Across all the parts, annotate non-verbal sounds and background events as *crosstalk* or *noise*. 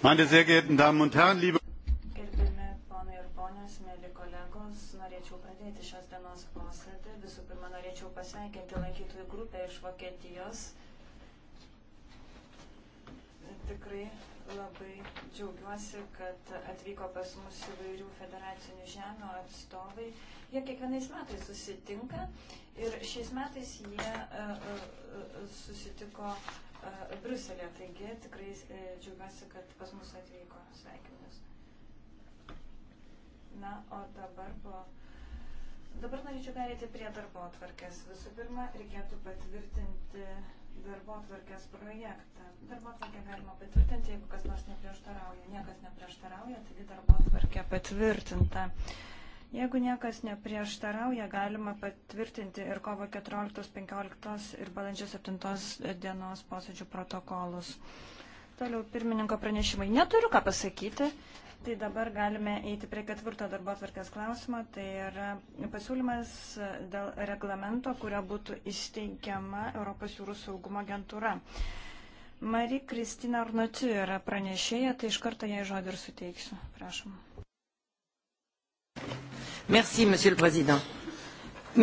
Meine sehr geehrten Damen und Herren, liebe Gerbiami ponai ir ponios, mėly kolegos, norėčiau pradėti šios dienos posėdį. Visų pirma, norėčiau pasveikinti lankytojų grupę iš Vokietijos. Tikrai labai džiaugiuosi, kad atvyko pas mus įvairių federacinių žemio atstovai. Jie kiekvienais metais susitinka ir šiais metais jie e, e, e, susitiko uh, uh, susitiko E, Bruselėje. Taigi tikrai e, džiaugiuosi, kad pas mus atvyko sveikinimus. Na, o dabar po. Dabar norėčiau perėti prie darbo atvarkės. Visų pirma, reikėtų patvirtinti darbo atvarkės projektą. Darbo atvarkę galima patvirtinti, jeigu kas nors neprieštarauja. Niekas neprieštarauja, taigi darbo atvarkė patvirtinta. Uh, Jeigu niekas neprieštarauja, galima patvirtinti ir kovo 14, 15 ir balandžio 7 dienos posėdžių protokolus. Toliau pirmininko pranešimai. Neturiu ką pasakyti. Tai dabar galime eiti prie ketvirto darbo atvarkės klausimo. Tai yra pasiūlymas dėl reglamento, kurio būtų įsteigiama Europos jūrų saugumo agentūra. Mari Kristina Arnotiu yra pranešėja, tai iš karto jai žodį ir suteiksiu. Prašom. Merci, monsieur le président.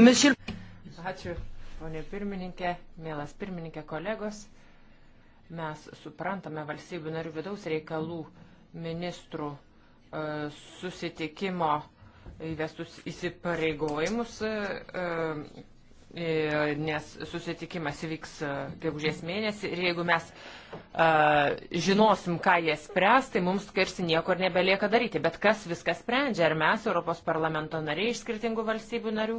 Monsieur... Ačiū, ponė pirmininkė, mielas pirmininkė, kolegos. Mes suprantame valstybių narių vidaus reikalų ministrų e, susitikimo įvestus įsipareigojimus e, E, nes susitikimas vyks e, gegužės mėnesį ir jeigu mes a, e, žinosim, ką jie spręs, tai mums skirsi niekur nebelieka daryti. Bet kas viską sprendžia? Ar mes, Europos parlamento nariai iš skirtingų valstybių narių,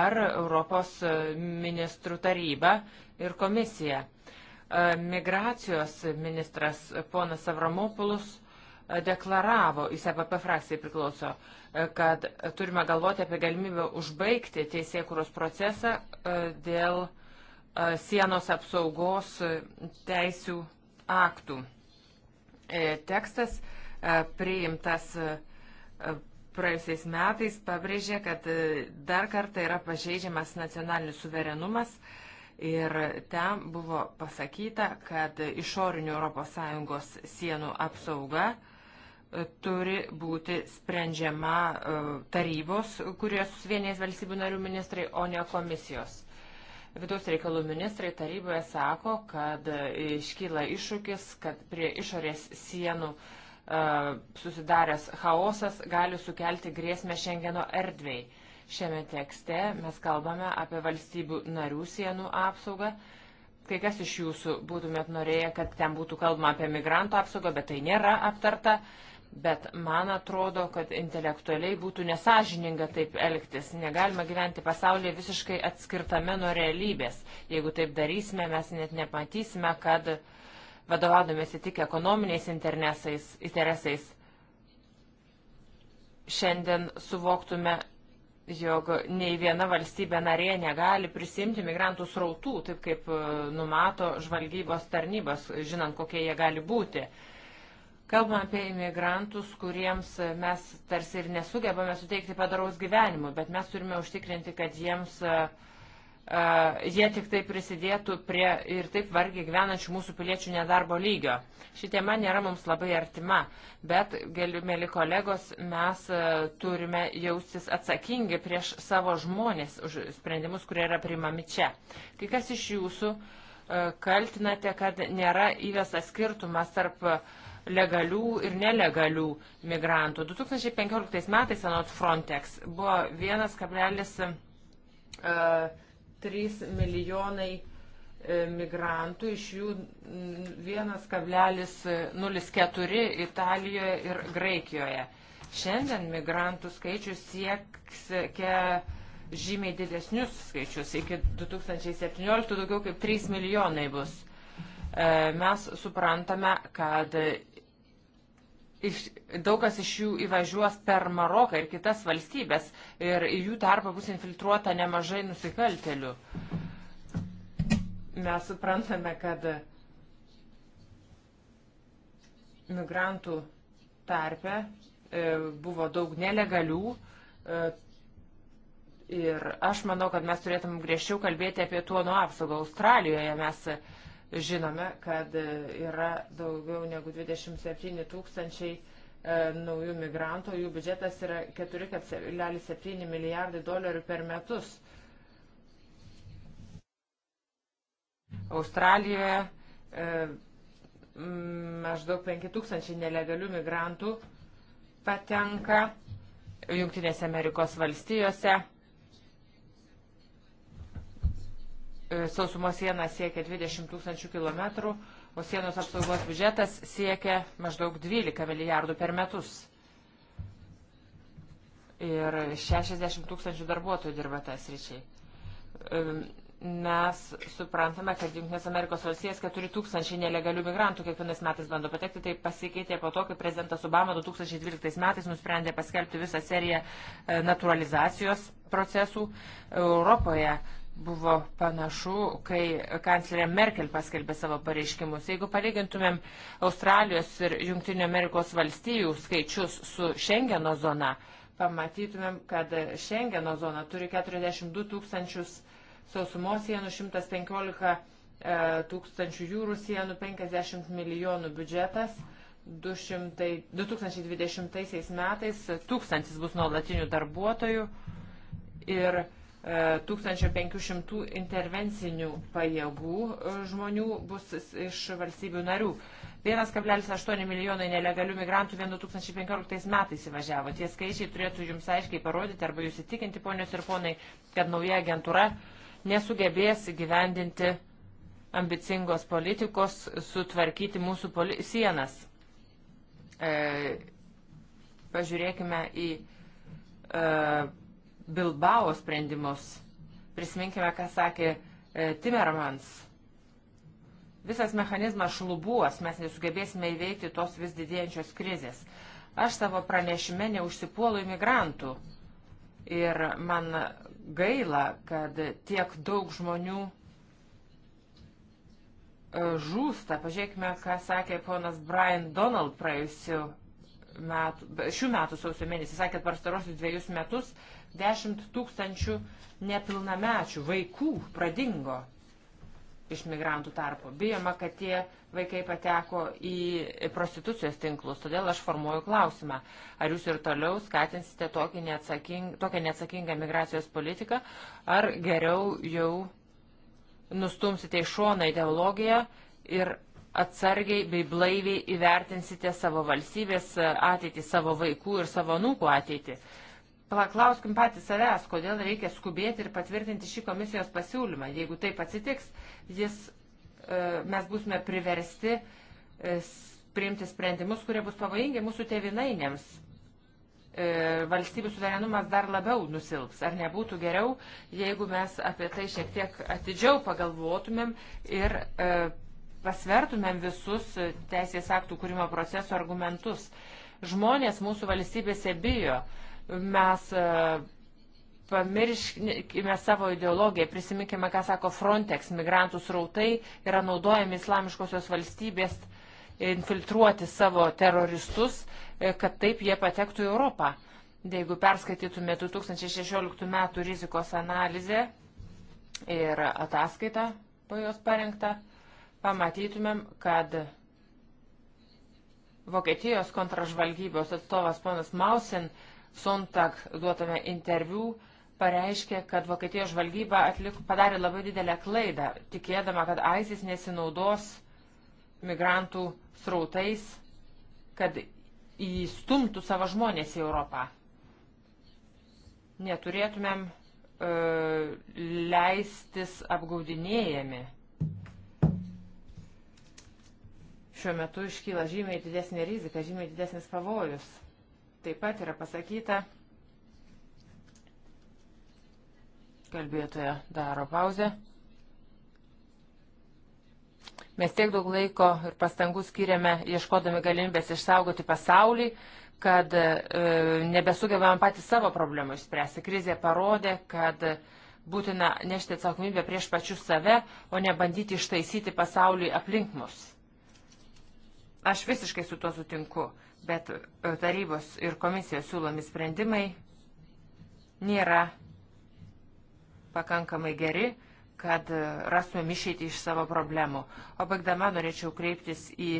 ar Europos ministrų taryba ir komisija? A, migracijos ministras ponas Avramopulus deklaravo, jis EPP frakcijai priklauso, e, kad turime galvoti apie galimybę užbaigti teisėkuros procesą e, dėl e, sienos apsaugos teisių aktų. Tekstas priimtas praėjusiais metais pabrėžė, kad dar kartą yra pažeidžiamas nacionalinis suverenumas ir ten buvo pasakyta, kad išorinių ES sienų apsauga turi būti sprendžiama e, tarybos, kurios vienės valstybių narių ministrai, o ne komisijos. Vidaus reikalų ministrai taryboje sako, kad e, iškyla iššūkis, kad prie išorės sienų e, susidaręs chaosas gali sukelti grėsmę Šengeno erdvėj. Šiame tekste mes kalbame apie valstybių narių sienų apsaugą. Kai kas iš jūsų būtumėt norėję, kad ten būtų kalbama apie migrantų apsaugą, bet tai nėra aptarta. Uh, Bet man atrodo, kad intelektualiai būtų nesažininga taip elgtis. Negalima gyventi pasaulyje visiškai atskirtame nuo realybės. Jeigu taip darysime, mes net nematysime, kad vadovaudomėsi tik ekonominiais interesais, šiandien suvoktume, jog nei viena valstybė narė negali prisimti migrantų srautų, taip kaip e, numato žvalgybos tarnybos, žinant, kokie jie gali būti Kalbam apie imigrantus, kuriems mes tarsi ir nesugebame suteikti padaraus gyvenimo, bet mes turime užtikrinti, kad jiems, uh, jie tik tai prisidėtų prie ir taip vargiai gyvenančių mūsų piliečių nedarbo lygio. Ši tema nėra mums labai artima, bet, galiu, mėly kolegos, mes uh, turime jaustis atsakingi prieš savo žmonės už sprendimus, kurie yra primami čia. Kai kas iš jūsų uh, kaltinate, kad nėra įvestas skirtumas tarp uh, legalių ir nelegalių migrantų. 2015 metais, anot Frontex, buvo 1,3 e, milijonai e, migrantų, iš jų 1,04 Italijoje ir Graikijoje. Šiandien migrantų skaičius siekia žymiai didesnius skaičius. Iki 2017 daugiau kaip 3 milijonai bus. E, mes suprantame, kad iš, daug kas iš jų įvažiuos per Maroką ir kitas valstybės ir į jų tarpą bus infiltruota nemažai nusikaltelių. Mes suprantame, kad migrantų tarpe e, buvo daug nelegalių e, ir aš manau, kad mes turėtum griežčiau kalbėti apie tuonų apsaugą. Australijoje mes Žinome, kad e, yra daugiau negu 27 tūkstančiai e, naujų migrantų, jų biudžetas yra 4,7 milijardai dolerių per metus. Australijoje e, maždaug 5 tūkstančiai nelegalių migrantų patenka Junktinėse Amerikos valstijose E, sausumos siena siekia 20 tūkstančių kilometrų, o sienos apsaugos biudžetas siekia maždaug 12 milijardų per metus. Ir 60 tūkstančių darbuotojų dirba tas ryčiai. E, mes suprantame, kad Junktinės Amerikos valstijas 4 tūkstančiai nelegalių migrantų kiekvienais metais bando patekti, tai pasikeitė po to, kai prezidentas Obama 2012 metais nusprendė paskelbti visą seriją e, naturalizacijos procesų Europoje buvo panašu, kai kanclerė Merkel paskelbė savo pareiškimus. Jeigu palygintumėm Australijos ir Junktinio Amerikos valstijų skaičius su Schengeno zona, pamatytumėm, kad Schengeno zona turi 42 tūkstančius sausumos sienų, 115 e, tūkstančių jūrų sienų, 50 milijonų biudžetas. 200, 2020 metais tūkstantis bus nuolatinių darbuotojų ir 1500 e, intervencinių pajėgų e, žmonių bus iš valstybių narių. 1,8 milijonai nelegalių migrantų vien 2015 metais įvažiavo. Tie skaičiai turėtų jums aiškiai parodyti arba jūs įtikinti, ponios ir ponai, kad nauja agentūra nesugebės gyvendinti ambicingos politikos, sutvarkyti mūsų poli sienas. E, pažiūrėkime į e, Bilbao sprendimus. Prisiminkime, ką sakė e, Timmermans. Visas mechanizmas šlubuos, mes nesugebėsime įveikti tos vis didėjančios krizės. Aš savo pranešime neužsipuolu imigrantų. Ir man gaila, kad tiek daug žmonių e, žūsta. Pažiūrėkime, ką sakė ponas Brian Donald praėjusiu metų, šių metų sausio mėnesį, sakėt, pastarosius dviejus metus 10 tūkstančių nepilnamečių vaikų pradingo iš migrantų tarpo. Bijoma, kad tie vaikai pateko į prostitucijos tinklus, todėl aš formuoju klausimą, ar jūs ir toliau skatinsite tokią neatsakingą, tokią neatsakingą migracijos politiką, ar geriau jau nustumsite į šoną ideologiją ir atsargiai bei blaiviai įvertinsite savo valstybės ateitį, savo vaikų ir savo nūkų ateitį. Paklauskim patys savęs, kodėl reikia skubėti ir patvirtinti šį komisijos pasiūlymą. Jeigu taip atsitiks, jis, e, mes būsime priversti e, priimti sprendimus, kurie bus pavojingi mūsų tėvinainėms. E, valstybių suverenumas dar labiau nusilps. Ar nebūtų geriau, jeigu mes apie tai šiek tiek atidžiau pagalvotumėm ir pasvertumėm visus teisės aktų kūrimo proceso argumentus. Žmonės mūsų valstybėse bijo. Mes e, pamirškime savo ideologiją, prisiminkime, ką sako Frontex, migrantų srautai yra naudojami islamiškosios valstybės infiltruoti savo teroristus, e, kad taip jie patektų į Europą. Jeigu perskaitytume 2016 metų rizikos analizę ir ataskaitą po jos parengtą, pamatytumėm, kad Vokietijos kontražvalgybos atstovas ponas Mausin Sontag duotame interviu pareiškė, kad Vokietijos žvalgyba atlik, padarė labai didelę klaidą, tikėdama, kad ISIS nesinaudos migrantų srautais, kad įstumtų savo žmonės į Europą. Neturėtumėm e, leistis apgaudinėjami. Šiuo metu iškyla žymiai didesnė rizika, žymiai didesnis pavojus. Taip pat yra pasakyta, kalbėtoja daro pauzę. Mes tiek daug laiko ir pastangų skiriame ieškodami galimybės išsaugoti pasaulį, kad e, nebesugebame patys savo problemų išspręsti. Krizė parodė, kad būtina nešti atsakomybę prieš pačius save, o ne bandyti ištaisyti pasaulį aplink mus. Aš visiškai su tuo sutinku, bet e, tarybos ir komisijos siūlomi sprendimai nėra pakankamai geri, kad e, rastumėm išeitį iš savo problemų. O baigdama norėčiau kreiptis į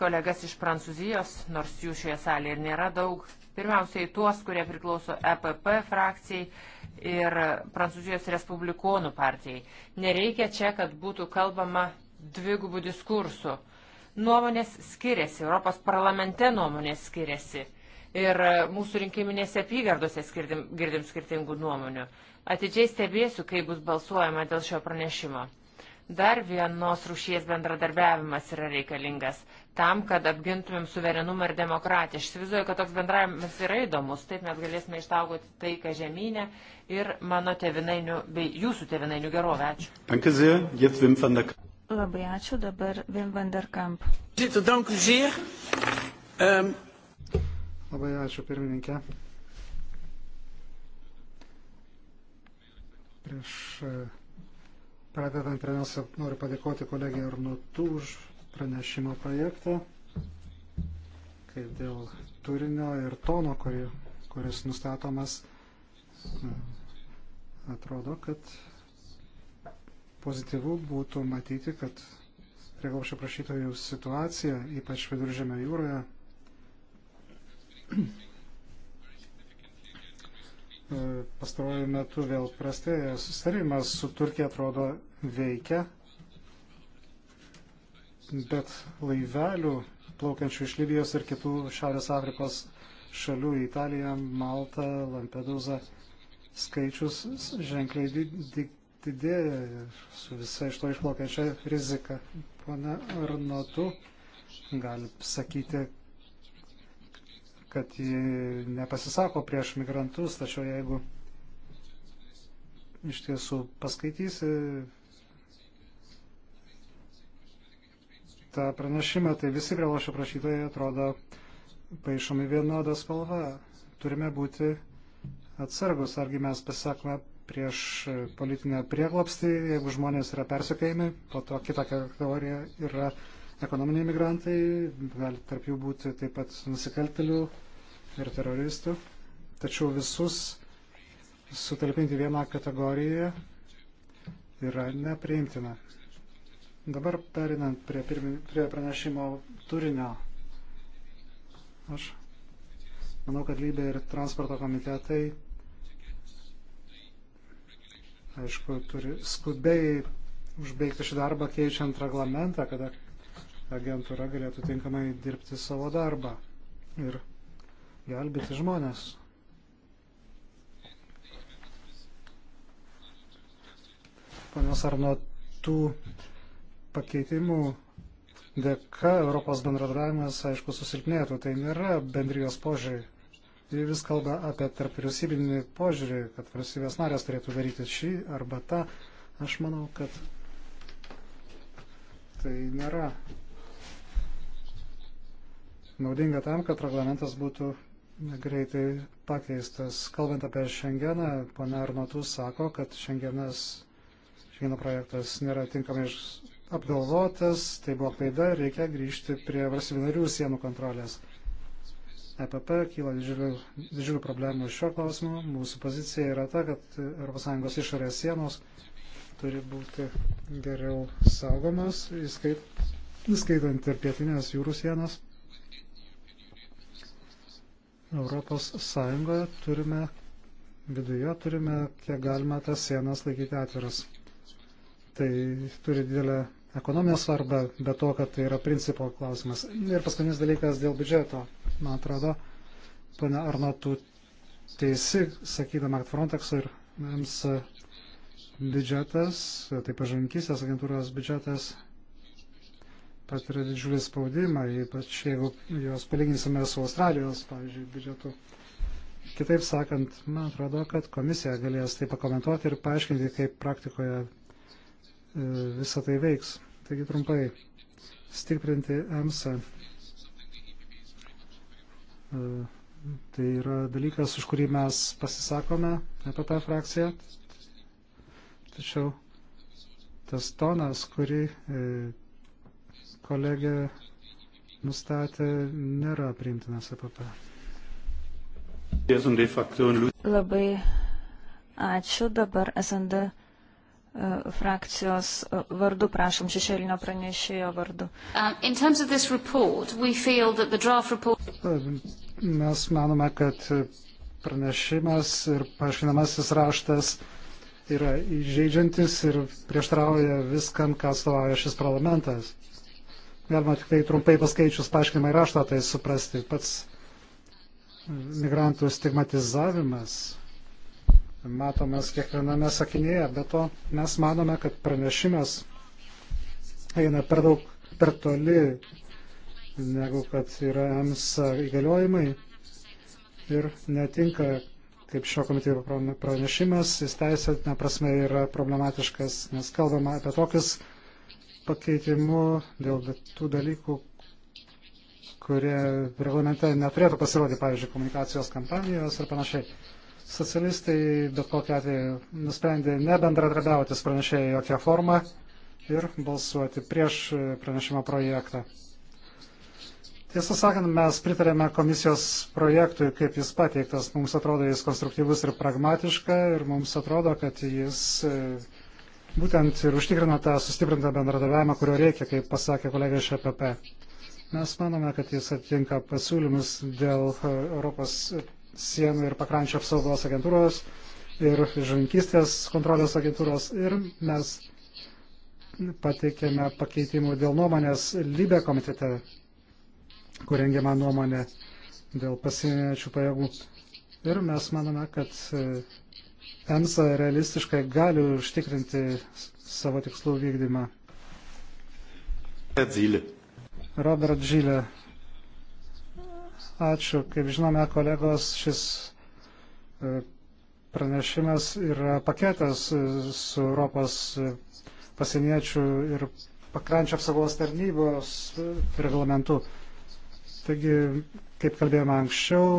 kolegas iš Prancūzijos, nors jų šioje salėje ir nėra daug. Pirmiausiai tuos, kurie priklauso EPP frakcijai ir Prancūzijos Respublikonų partijai. Nereikia čia, kad būtų kalbama dvigubų diskursų. Nuomonės skiriasi, Europos parlamente nuomonės skiriasi ir mūsų rinkiminėse apygardose skirtim, girdim skirtingų nuomonių. Atidžiai stebėsiu, kaip bus balsuojama dėl šio pranešimo. Dar vienos rušies bendradarbiavimas yra reikalingas tam, kad apgintumėm suverenumą ir demokratiją. Aš įsivaizduoju, kad toks bendravimas yra įdomus, taip mes galėsime ištaugoti taiką žemynę ir mano tevinainių bei jūsų tevinainių gerovę. Ačiū. Labai ačiū dabar Vim Vanderkamp. Euh, Labai ačiū pirmininkė. Prieš e, pradedant pirmiausia noriu padėkoti kolegijai Arnotų už pranešimo projektą, kaip dėl turinio ir tono, kuri, kuris nustatomas, atrodo, kad Pozityvų būtų matyti, kad prieglobšio prašytojų situacija, ypač viduržėme jūroje, *clears throat* pastarojų metų vėl prastėja. Susitarimas su Turkija atrodo veikia, bet laivelių plaukiančių iš Libijos ir kitų Šiaurės Afrikos šalių į Italiją, Maltą, Lampedusą skaičius ženkliai didėja ir su visa iš to išplaukiančia rizika. Pone Arnotu gali sakyti, kad ji nepasisako prieš migrantus, tačiau jeigu iš tiesų paskaitysi tą pranešimą, tai visi prilošio prašytojai atrodo paaišomi vienodą spalvą. Turime būti atsargus, argi mes pasakome prieš politinę prieglopstį, jeigu žmonės yra persekėjami, po to kita kategorija yra ekonominiai migrantai, gali tarp jų būti taip pat nusikaltelių ir teroristų. Tačiau visus sutalpinti vieną kategoriją yra nepriimtina. Dabar perinant prie, pirmin, prie pranešimo turinio. Aš manau, kad lybė ir transporto komitetai aišku, turi skubiai užbaigti šį darbą keičiant reglamentą, kada agentūra galėtų tinkamai dirbti savo darbą ir gelbėti žmonės. Panios ar nuo tų pakeitimų dėka Europos bendradarbiavimas, aišku, susilpnėtų. Tai nėra bendrijos požiūrį ir vis kalba apie tarp vyriausybinį požiūrį, kad valstybės narės turėtų daryti šį arba tą. Aš manau, kad tai nėra naudinga tam, kad reglamentas būtų greitai pakeistas. Kalbant apie Šengeną, pana Arnotus sako, kad Šengenas, Šengeno projektas nėra tinkamai apgalvotas, tai buvo klaida, reikia grįžti prie valstybinarių sienų kontrolės. EPP kyla didžiulių, didžiulių problemų iš šio klausimu. Mūsų pozicija yra ta, kad ES išorės sienos turi būti geriau saugomas, įskait, įskaitant ir pietinės jūrų sienas. Europos Sąjungoje turime, viduje turime, kiek galima tas sienas laikyti atviras. Tai turi didelę ekonominę svarbą, be to, kad tai yra principo klausimas. Ir paskutinis dalykas dėl biudžeto man atrodo, pana Arnotų teisi, sakydama, kad Frontex ir EMS biudžetas, tai pažankysės agentūros biudžetas patiria didžiulį spaudimą, ypač jeigu juos palyginsime su Australijos, pavyzdžiui, biudžetu. Kitaip sakant, man atrodo, kad komisija galės tai pakomentuoti ir paaiškinti, kaip praktikoje e, visą tai veiks. Taigi trumpai, stiprinti EMSA E, tai yra dalykas, už kurį mes pasisakome apie tą frakciją. Tačiau tas tonas, kurį e, kolegė nustatė, nėra priimtinas EPP. Labai ačiū. Dabar SND e, frakcijos vardu, prašom, šešėlinio pranešėjo vardu. Um, mes manome, kad pranešimas ir paaiškinamasis raštas yra įžeidžiantis ir prieštrauja viskam, ką atstovauja šis parlamentas. Galima tik tai trumpai paskaičius paaiškinimą ir raštą tai suprasti. Pats migrantų stigmatizavimas matomas kiekviename sakinėje, bet to mes manome, kad pranešimas eina per daug per toli negu kad yra EMSA įgaliojimai ir netinka, kaip šio komiteto pranešimas, jis teisėtinė prasme yra problematiškas, nes kalbama apie tokius pakeitimų dėl tų dalykų, kurie reglamente neturėtų pasirodyti, pavyzdžiui, komunikacijos kampanijos ir panašiai. Socialistai bet kokia atveju nusprendė nebendradarbiauti su pranešėjai jokia forma ir balsuoti prieš pranešimo projektą. Tiesą sakant, mes pritarėme komisijos projektui, kaip jis pateiktas. Mums atrodo, jis konstruktyvus ir pragmatiška ir mums atrodo, kad jis e, būtent ir užtikrina tą sustiprintą bendradarbiavimą, kurio reikia, kaip pasakė kolega iš EPP. Mes manome, kad jis atitinka pasiūlymus dėl e, Europos sienų ir pakrančio apsaugos agentūros ir žankystės kontrolės agentūros ir mes pateikėme pakeitimų dėl nuomonės Libė komitete kur rengiama nuomonė dėl pasieniečių pajėgų. Ir mes manome, kad e, EMSA realistiškai gali užtikrinti savo tikslų vykdymą. Zylė. Robert Žylė. Ačiū. Kaip žinome, kolegos, šis e, pranešimas yra paketas e, su Europos pasieniečių ir pakrančio apsaugos tarnybos reglamentu. Taigi, kaip kalbėjome anksčiau,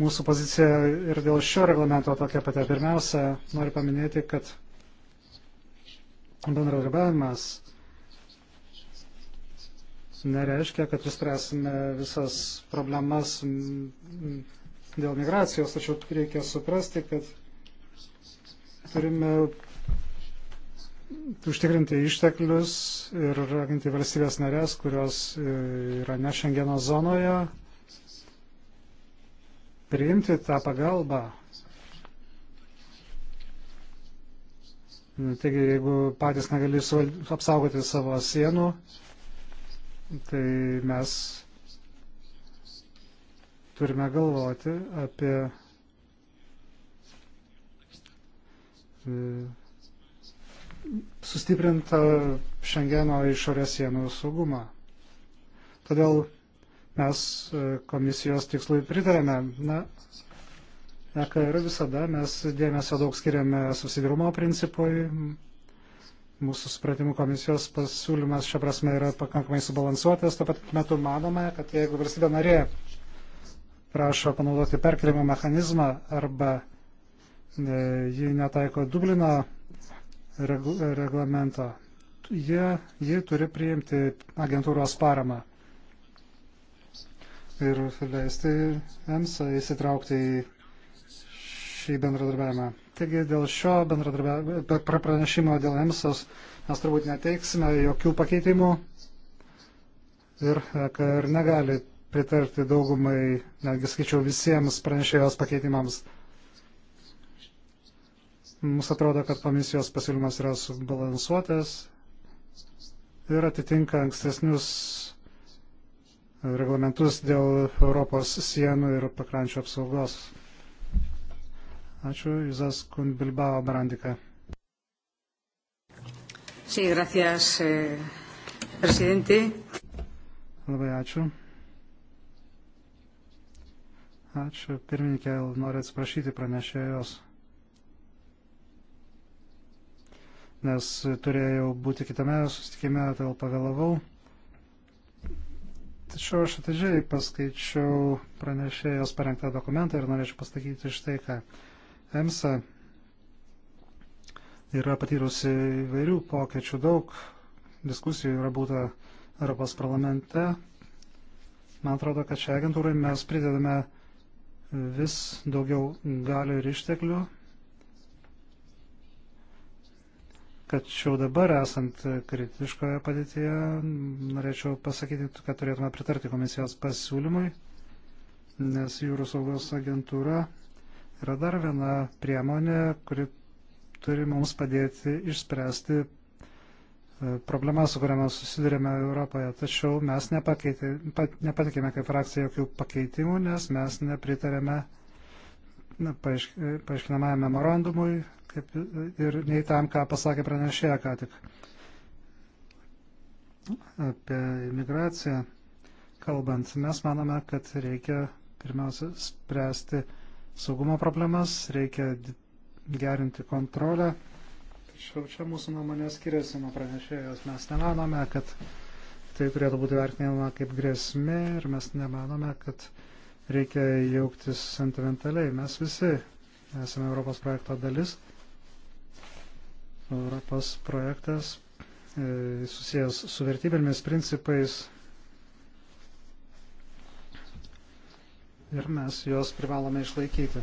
mūsų pozicija ir dėl šio reglamento tokia pati. Pirmiausia, noriu paminėti, kad bendradarbiavimas nereiškia, kad išspręsime visas problemas dėl migracijos, tačiau reikia suprasti, kad turime užtikrinti išteklius ir raginti valstybės narės, kurios e, yra ne Šengeno zonoje, priimti tą pagalbą. Taigi, jeigu patys negali apsaugoti savo sienų, tai mes turime galvoti apie e, sustiprinta Šengeno išorės sienų saugumą. Todėl mes e, komisijos tikslui pritarėme. Na, EKR visada mes dėmesio daug skiriame susidirumo principui. Mūsų supratimų komisijos pasiūlymas šią prasme yra pakankamai subalansuotas. Tuo pat metu manome, kad jeigu valstybė narė prašo panaudoti perkelimo mechanizmą arba e, ji netaiko Dublino regl reglamento. Jie, jie turi priimti agentūros paramą ir leisti EMSA įsitraukti į šį bendradarbiavimą. Taigi dėl šio pranešimo dėl EMSOS mes turbūt neteiksime jokių pakeitimų ir, ir negali pritarti daugumai, netgi skaičiau, visiems pranešėjos pakeitimams. Mums atrodo, kad komisijos pasiūlymas yra subalansuotas ir atitinka ankstesnius reglamentus dėl Europos sienų ir pakrančių apsaugos. Ačiū, Izas Kundbilbao Brandika. Sí, gracias, eh, presidente. Labai ačiū. Ačiū, pirmininkė, noriu atsiprašyti pranešėjos. nes turėjau būti kitame susitikime, todėl tai pavėlavau. Tačiau aš atidžiai paskaičiau pranešėjos parengtą dokumentą ir norėčiau pasakyti štai ką. EMSA yra patyrusi įvairių pokyčių, daug diskusijų yra būta Europos parlamente. Man atrodo, kad šią agentūrą mes pridedame vis daugiau galių ir išteklių kad šiau dabar esant kritiškoje padėtyje, norėčiau pasakyti, kad turėtume pritarti komisijos pasiūlymui, nes jūrų saugos agentūra yra dar viena priemonė, kuri turi mums padėti išspręsti e, problemas, su kuriamis susidurėme Europoje. Tačiau mes nepatikime kaip frakcija jokių pakeitimų, nes mes nepritarėme paaiškinamajam memorandumui kaip, ir nei tam, ką pasakė pranešėja ką tik apie imigraciją kalbant. Mes manome, kad reikia pirmiausia spręsti saugumo problemas, reikia gerinti kontrolę. Tačiau čia mūsų nuomonė skiriasi nuo pranešėjos. Mes nemanome, kad tai turėtų būti vertinama kaip grėsmė ir mes nemanome, kad reikia jauktis sentimentaliai. Mes visi esame Europos projekto dalis. Europos projektas e, susijęs su vertybėmis principais ir mes juos privalome išlaikyti.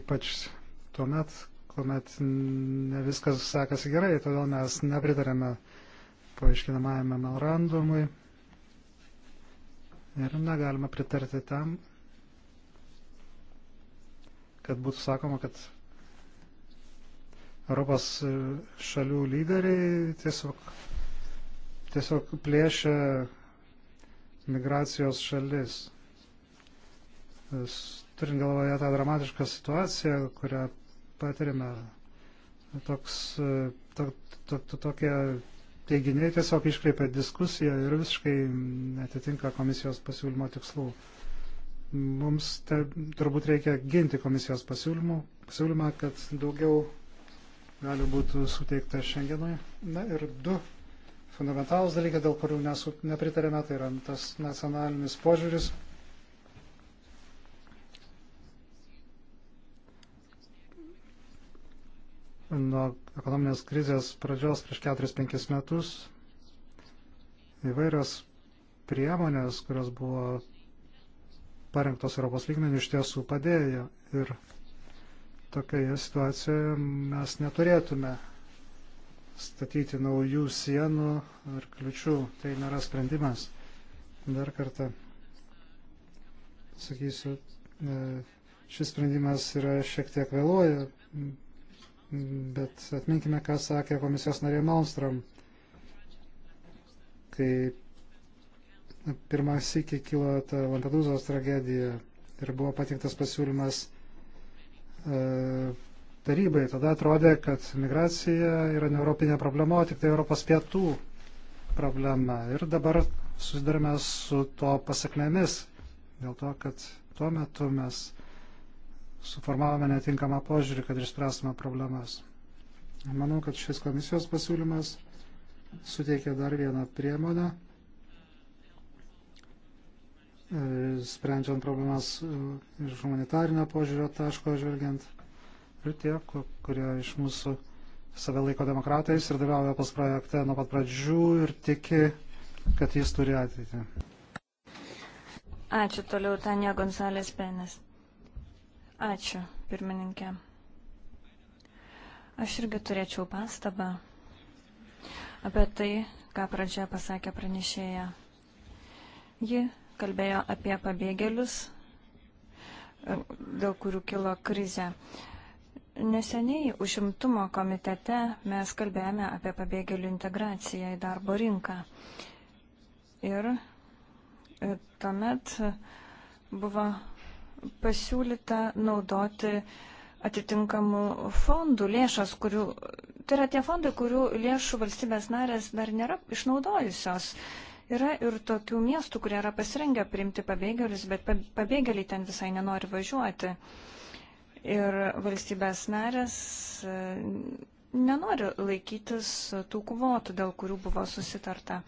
Ypač tuomet, kuomet ne viskas sekasi gerai, todėl mes nepritarėme paaiškinamajame memorandumui Ir negalima pritarti tam, kad būtų sakoma, kad Europos šalių lyderiai tiesiog, tiesiog plėšia migracijos šalis. Turint galvoje tą dramatišką situaciją, kurią patirime, toks, to, to, to, tokie teiginiai tiesiog iškreipia diskusiją ir visiškai netitinka komisijos pasiūlymo tikslų. Mums te, turbūt reikia ginti komisijos pasiūlymų, pasiūlymą, kad daugiau gali būti suteikta šiandienui. Na ir du fundamentalus dalykai, dėl kurių nesu, nepritarėme, tai yra tas nacionalinis požiūris nuo ekonominės krizės pradžios prieš 4-5 metus įvairios priemonės, kurios buvo parengtos Europos lygmenių, iš tiesų padėjo. Ir tokioje situacijoje mes neturėtume statyti naujų sienų ar kliučių. Tai nėra sprendimas. Dar kartą sakysiu, e, šis sprendimas yra šiek tiek vėluoja bet atminkime, ką sakė komisijos narė Malmstrom, kai pirmą sykį kilo ta Lampedūzos tragedija ir buvo patiktas pasiūlymas e, tarybai. Tada atrodė, kad migracija yra ne europinė problema, o tik tai Europos pietų problema. Ir dabar susidarėme su to pasakmėmis, dėl to, kad tuo metu mes suformavome netinkamą požiūrį, kad išspręstume problemas. Manau, kad šis komisijos pasiūlymas suteikia dar vieną priemonę, e, sprendžiant problemas e, iš humanitarinio požiūrio taško žvelgiant. Ir tie, kurie iš mūsų save laiko demokratais ir dalyvauja pas projekte nuo pat pradžių ir tiki, kad jis turi ateitį. Ačiū toliau, Tanja Gonzalės Penes. Ačiū, pirmininkė. Aš irgi turėčiau pastabą apie tai, ką pradžioje pasakė pranešėja. Ji kalbėjo apie pabėgėlius, e, dėl kurių kilo krizė. Neseniai užimtumo komitete mes kalbėjome apie pabėgėlių integraciją į darbo rinką. Ir e, tuomet buvo pasiūlyta naudoti atitinkamų fondų lėšas, kurių, tai yra tie fondai, kurių lėšų valstybės narės dar nėra išnaudojusios. Yra ir tokių miestų, kurie yra pasirengę priimti pabėgėlius, bet pabėgėliai ten visai nenori važiuoti. Ir valstybės narės e, nenori laikytis tų kvotų, dėl kurių buvo susitarta.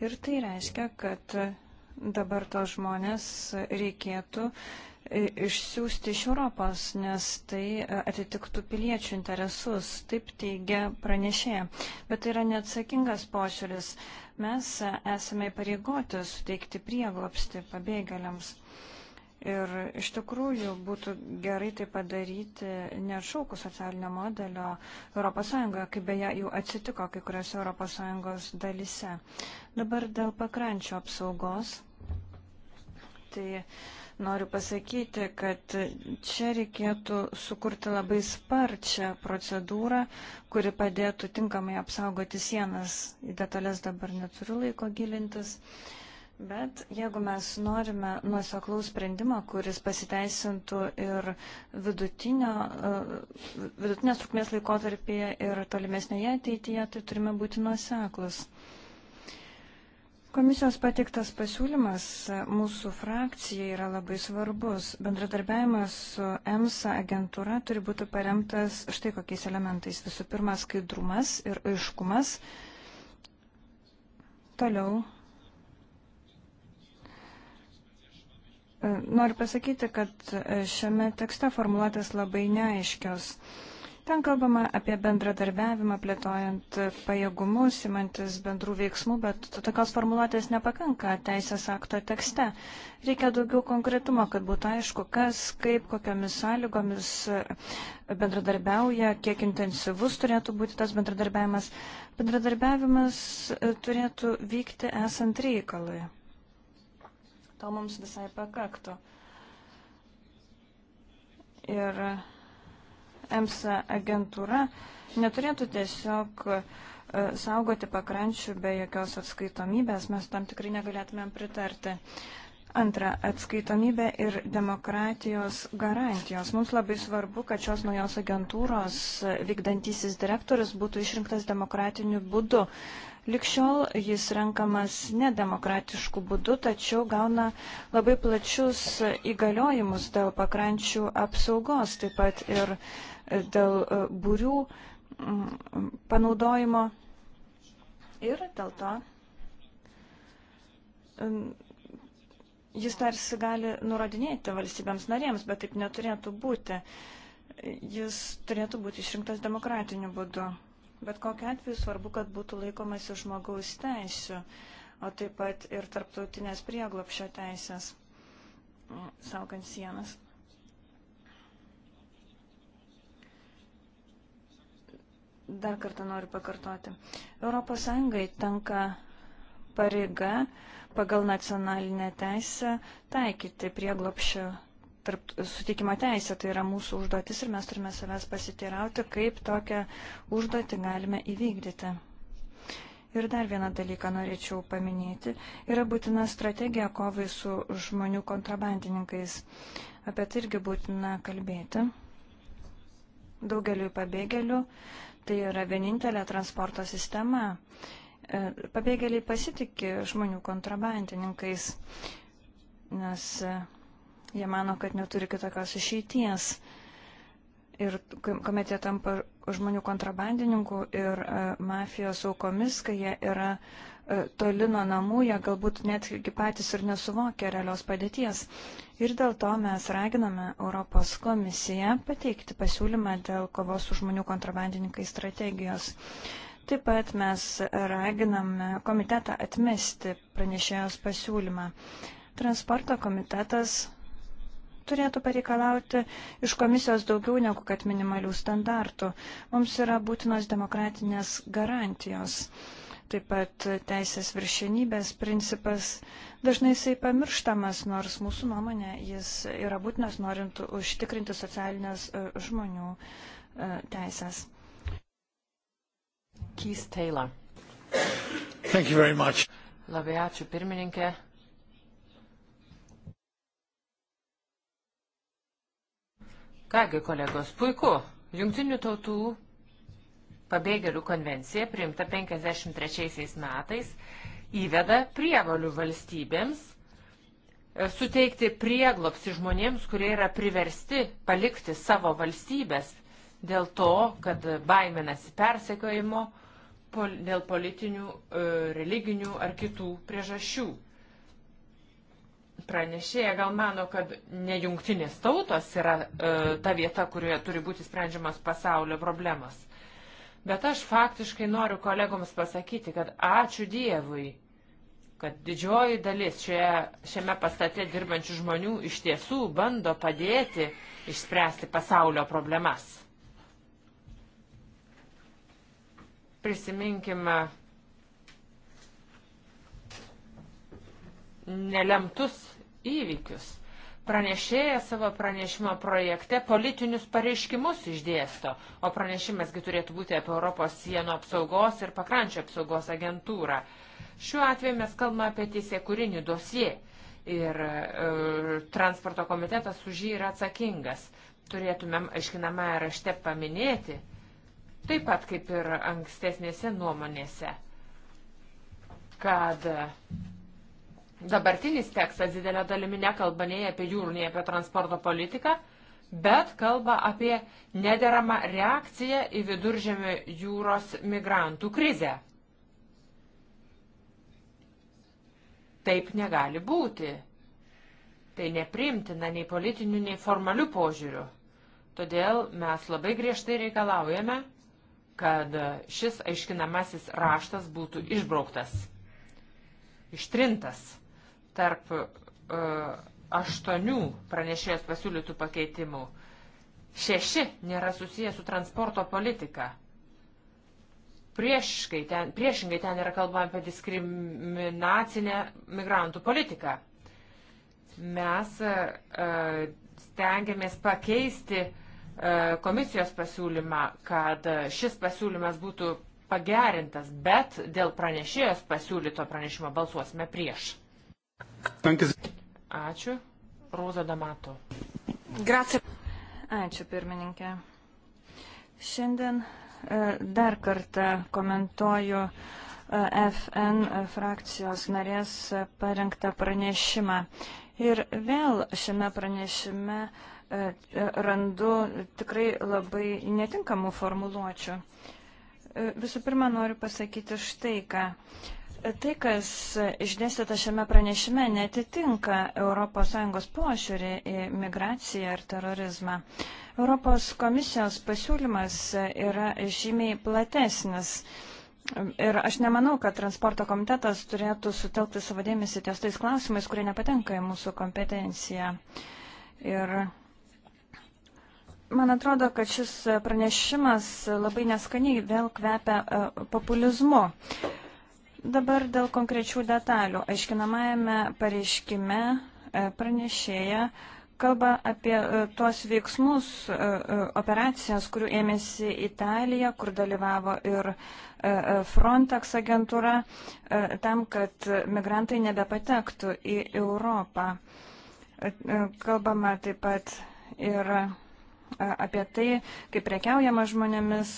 Ir tai reiškia, kad dabar tos žmonės reikėtų išsiųsti iš Europos, nes tai e, atitiktų piliečių interesus, taip teigia pranešėja. Bet tai yra neatsakingas pošiūris. Mes e, esame įpareigoti suteikti prieglopsti pabėgėliams. Ir iš tikrųjų būtų gerai tai padaryti nešaukus socialinio modelio ES, kaip beje jau atsitiko kai kuriuose ES dalise. Dabar dėl pakrančio apsaugos. Tai uh, Noriu pasakyti, kad čia reikėtų sukurti labai sparčią procedūrą, kuri padėtų tinkamai apsaugoti sienas. Į detalės dabar neturiu laiko gilintis. Bet jeigu mes norime nuoseklaus sprendimo, kuris pasiteisintų ir e, vidutinės trukmės laikotarpyje ir tolimesnėje ateityje, tai turime būti nuoseklus. Komisijos pateiktas pasiūlymas mūsų frakcijai yra labai svarbus. Bendradarbiavimas su EMSA agentūra turi būti paremtas štai kokiais elementais. Visų pirma, skaidrumas ir aiškumas. Toliau. Noriu pasakyti, kad šiame tekste formuluotės labai neaiškios. Ten kalbama apie bendradarbiavimą, plėtojant pajėgumus, imantis bendrų veiksmų, bet tokios formuluotės nepakanka teisės akto tekste. Reikia daugiau konkretumo, kad būtų aišku, kas, kaip, kokiomis sąlygomis bendradarbiauja, kiek intensyvus turėtų būti tas bendradarbiavimas. Bendradarbiavimas e, turėtų vykti esant reikalui. To mums visai pakaktų. Ir EMSA agentūra neturėtų tiesiog e, saugoti pakrančių be jokios atskaitomybės, mes tam tikrai negalėtumėm pritarti. Antra, atskaitomybė ir demokratijos garantijos. Mums labai svarbu, kad šios naujos agentūros vykdantysis direktorius būtų išrinktas demokratiniu būdu. Likščiol jis renkamas nedemokratiškų būdų, tačiau gauna labai plačius įgaliojimus dėl pakrančių apsaugos, taip pat ir e, dėl e, būrių panaudojimo. Ir dėl to jis tarsi gali nurodinėti valstybėms narėms, bet taip neturėtų būti. Jis turėtų būti išrinktas demokratiniu būdu. Bet kokiu atveju svarbu, kad būtų laikomasi žmogaus teisų, o taip pat ir tarptautinės prieglopšio teisės, mm, saugant sienas. Dar kartą noriu pakartoti. ES tenka pareiga pagal nacionalinę teisę taikyti prieglopšio tarp sutikimo teisė, tai yra mūsų užduotis ir mes turime savęs pasiteirauti, kaip tokią užduotį galime įvykdyti. Ir dar vieną dalyką norėčiau paminėti. Yra būtina strategija kovai su žmonių kontrabandininkais. Apie tai irgi būtina kalbėti. Daugeliu pabėgėlių tai yra vienintelė transporto sistema. E, pabėgėliai pasitikė žmonių kontrabandininkais, nes e, Jie mano, kad neturi kitokios išeities. Ir kuomet jie tampa žmonių kontrabandininkų ir e, mafijos aukomis, kai jie yra e, toli nuo namų, jie galbūt net iki patys ir nesuvokia realios padėties. Ir dėl to mes raginame Europos komisiją pateikti pasiūlymą dėl kovos su žmonių kontrabandininkai strategijos. Taip pat mes raginame komitetą atmesti pranešėjos pasiūlymą. Transporto komitetas turėtų pareikalauti iš komisijos daugiau negu kad minimalių standartų. Mums yra būtinos demokratinės garantijos. Taip pat teisės viršenybės principas dažnai jisai pamirštamas, nors mūsų nuomonė jis yra būtinas norint užtikrinti socialinės e, žmonių e, teisės. Keith Taylor. Labai ačiū pirmininkė. Kągi, kolegos, puiku. Jungtinių tautų pabėgėlių konvencija priimta 53 metais įveda prievalių valstybėms e, suteikti prieglopsi žmonėms, kurie yra priversti palikti savo valstybės dėl to, kad baiminasi persekiojimo, dėl politinių, e, religinių ar kitų priežasčių pranešėja gal mano, kad ne jungtinės tautos yra e, ta vieta, kurioje turi būti sprendžiamas pasaulio problemas. Bet aš faktiškai noriu kolegoms pasakyti, kad ačiū Dievui, kad didžioji dalis šioje, šiame pastate dirbančių žmonių iš tiesų bando padėti išspręsti pasaulio problemas. Prisiminkime nelemtus įvykius. Pranešėjas savo pranešimo projekte politinius pareiškimus išdėsto, o pranešimasgi turėtų būti apie Europos sienų apsaugos ir pakrančio apsaugos agentūrą. Šiuo atveju mes kalbame apie teisėkurinį dosiją ir e, transporto komitetas už jį yra atsakingas. Turėtumėm aiškinamą rašte paminėti, taip pat kaip ir ankstesnėse nuomonėse, kad Dabartinis tekstas didelė dalimi nekalba nei apie jūrų, nei apie transporto politiką, bet kalba apie nederamą reakciją į viduržėmio jūros migrantų krizę. Taip negali būti. Tai nepriimtina nei politinių, nei formalių požiūrių. Todėl mes labai griežtai reikalaujame, kad šis aiškinamasis raštas būtų išbrauktas, ištrintas tarp uh, aštuonių pranešėjos pasiūlytų pakeitimų šeši nėra susiję su transporto politika. Prieškai ten, priešingai ten yra kalbama apie diskriminacinę migrantų politiką. Mes uh, stengiamės pakeisti uh, komisijos pasiūlymą, kad šis pasiūlymas būtų pagerintas, bet dėl pranešėjos pasiūlyto pranešimo balsuosime prieš. Ačiū. Roza Damato. Grazie. Ačiū, pirmininkė. Šiandien e, dar kartą komentuoju e, FN frakcijos narės parengtą pranešimą. Ir vėl šiame pranešime e, randu tikrai labai netinkamų formuluočių. Visų pirma, noriu pasakyti štai ką. Tai, kas išdėstyta šiame pranešime, netitinka ES požiūrį į migraciją ir terorizmą. Europos komisijos pasiūlymas yra žymiai platesnis. Ir aš nemanau, kad transporto komitetas turėtų sutelkti savo dėmesį ties tais klausimais, kurie nepatenka į mūsų kompetenciją. Ir man atrodo, kad šis pranešimas labai neskaniai vėl kvepia e, populizmu. Dabar dėl konkrečių detalių. Aiškinamajame pareiškime e, pranešėja kalba apie e, tuos veiksmus, e, operacijas, kurių ėmėsi Italija, kur dalyvavo ir Frontex agentūra, tam, kad migrantai nebepatektų į Europą. Kalbama taip pat ir apie tai, kaip prekiaujama žmonėmis,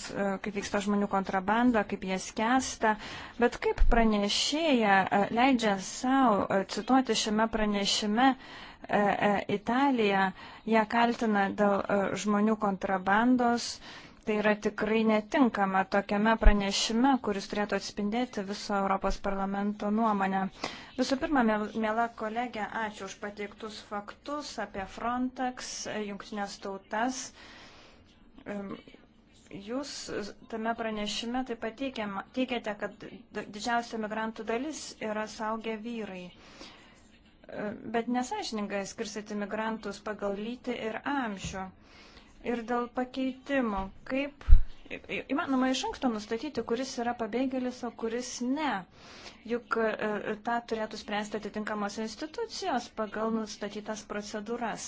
kaip vyksta žmonių kontrabanda, kaip jie skęsta, bet kaip pranešėja leidžia savo cituoti šiame pranešime Italiją, ją kaltina dėl žmonių kontrabandos, tai yra tikrai netinkama tokiame pranešime, kuris turėtų atspindėti viso Europos parlamento nuomonę. Visų pirma, mėla kolegė, ačiū už pateiktus faktus apie Frontex, jungtinės tautas. Jūs tame pranešime taip pat teikiate, kad didžiausia migrantų dalis yra saugę vyrai. Bet nesažiningai skirsite migrantus pagal lytį ir amžių ir dėl pakeitimo. Kaip įmanoma iš anksto nustatyti, kuris yra pabėgėlis, o kuris ne. Juk e, e, tą turėtų spręsti atitinkamos institucijos pagal nustatytas procedūras.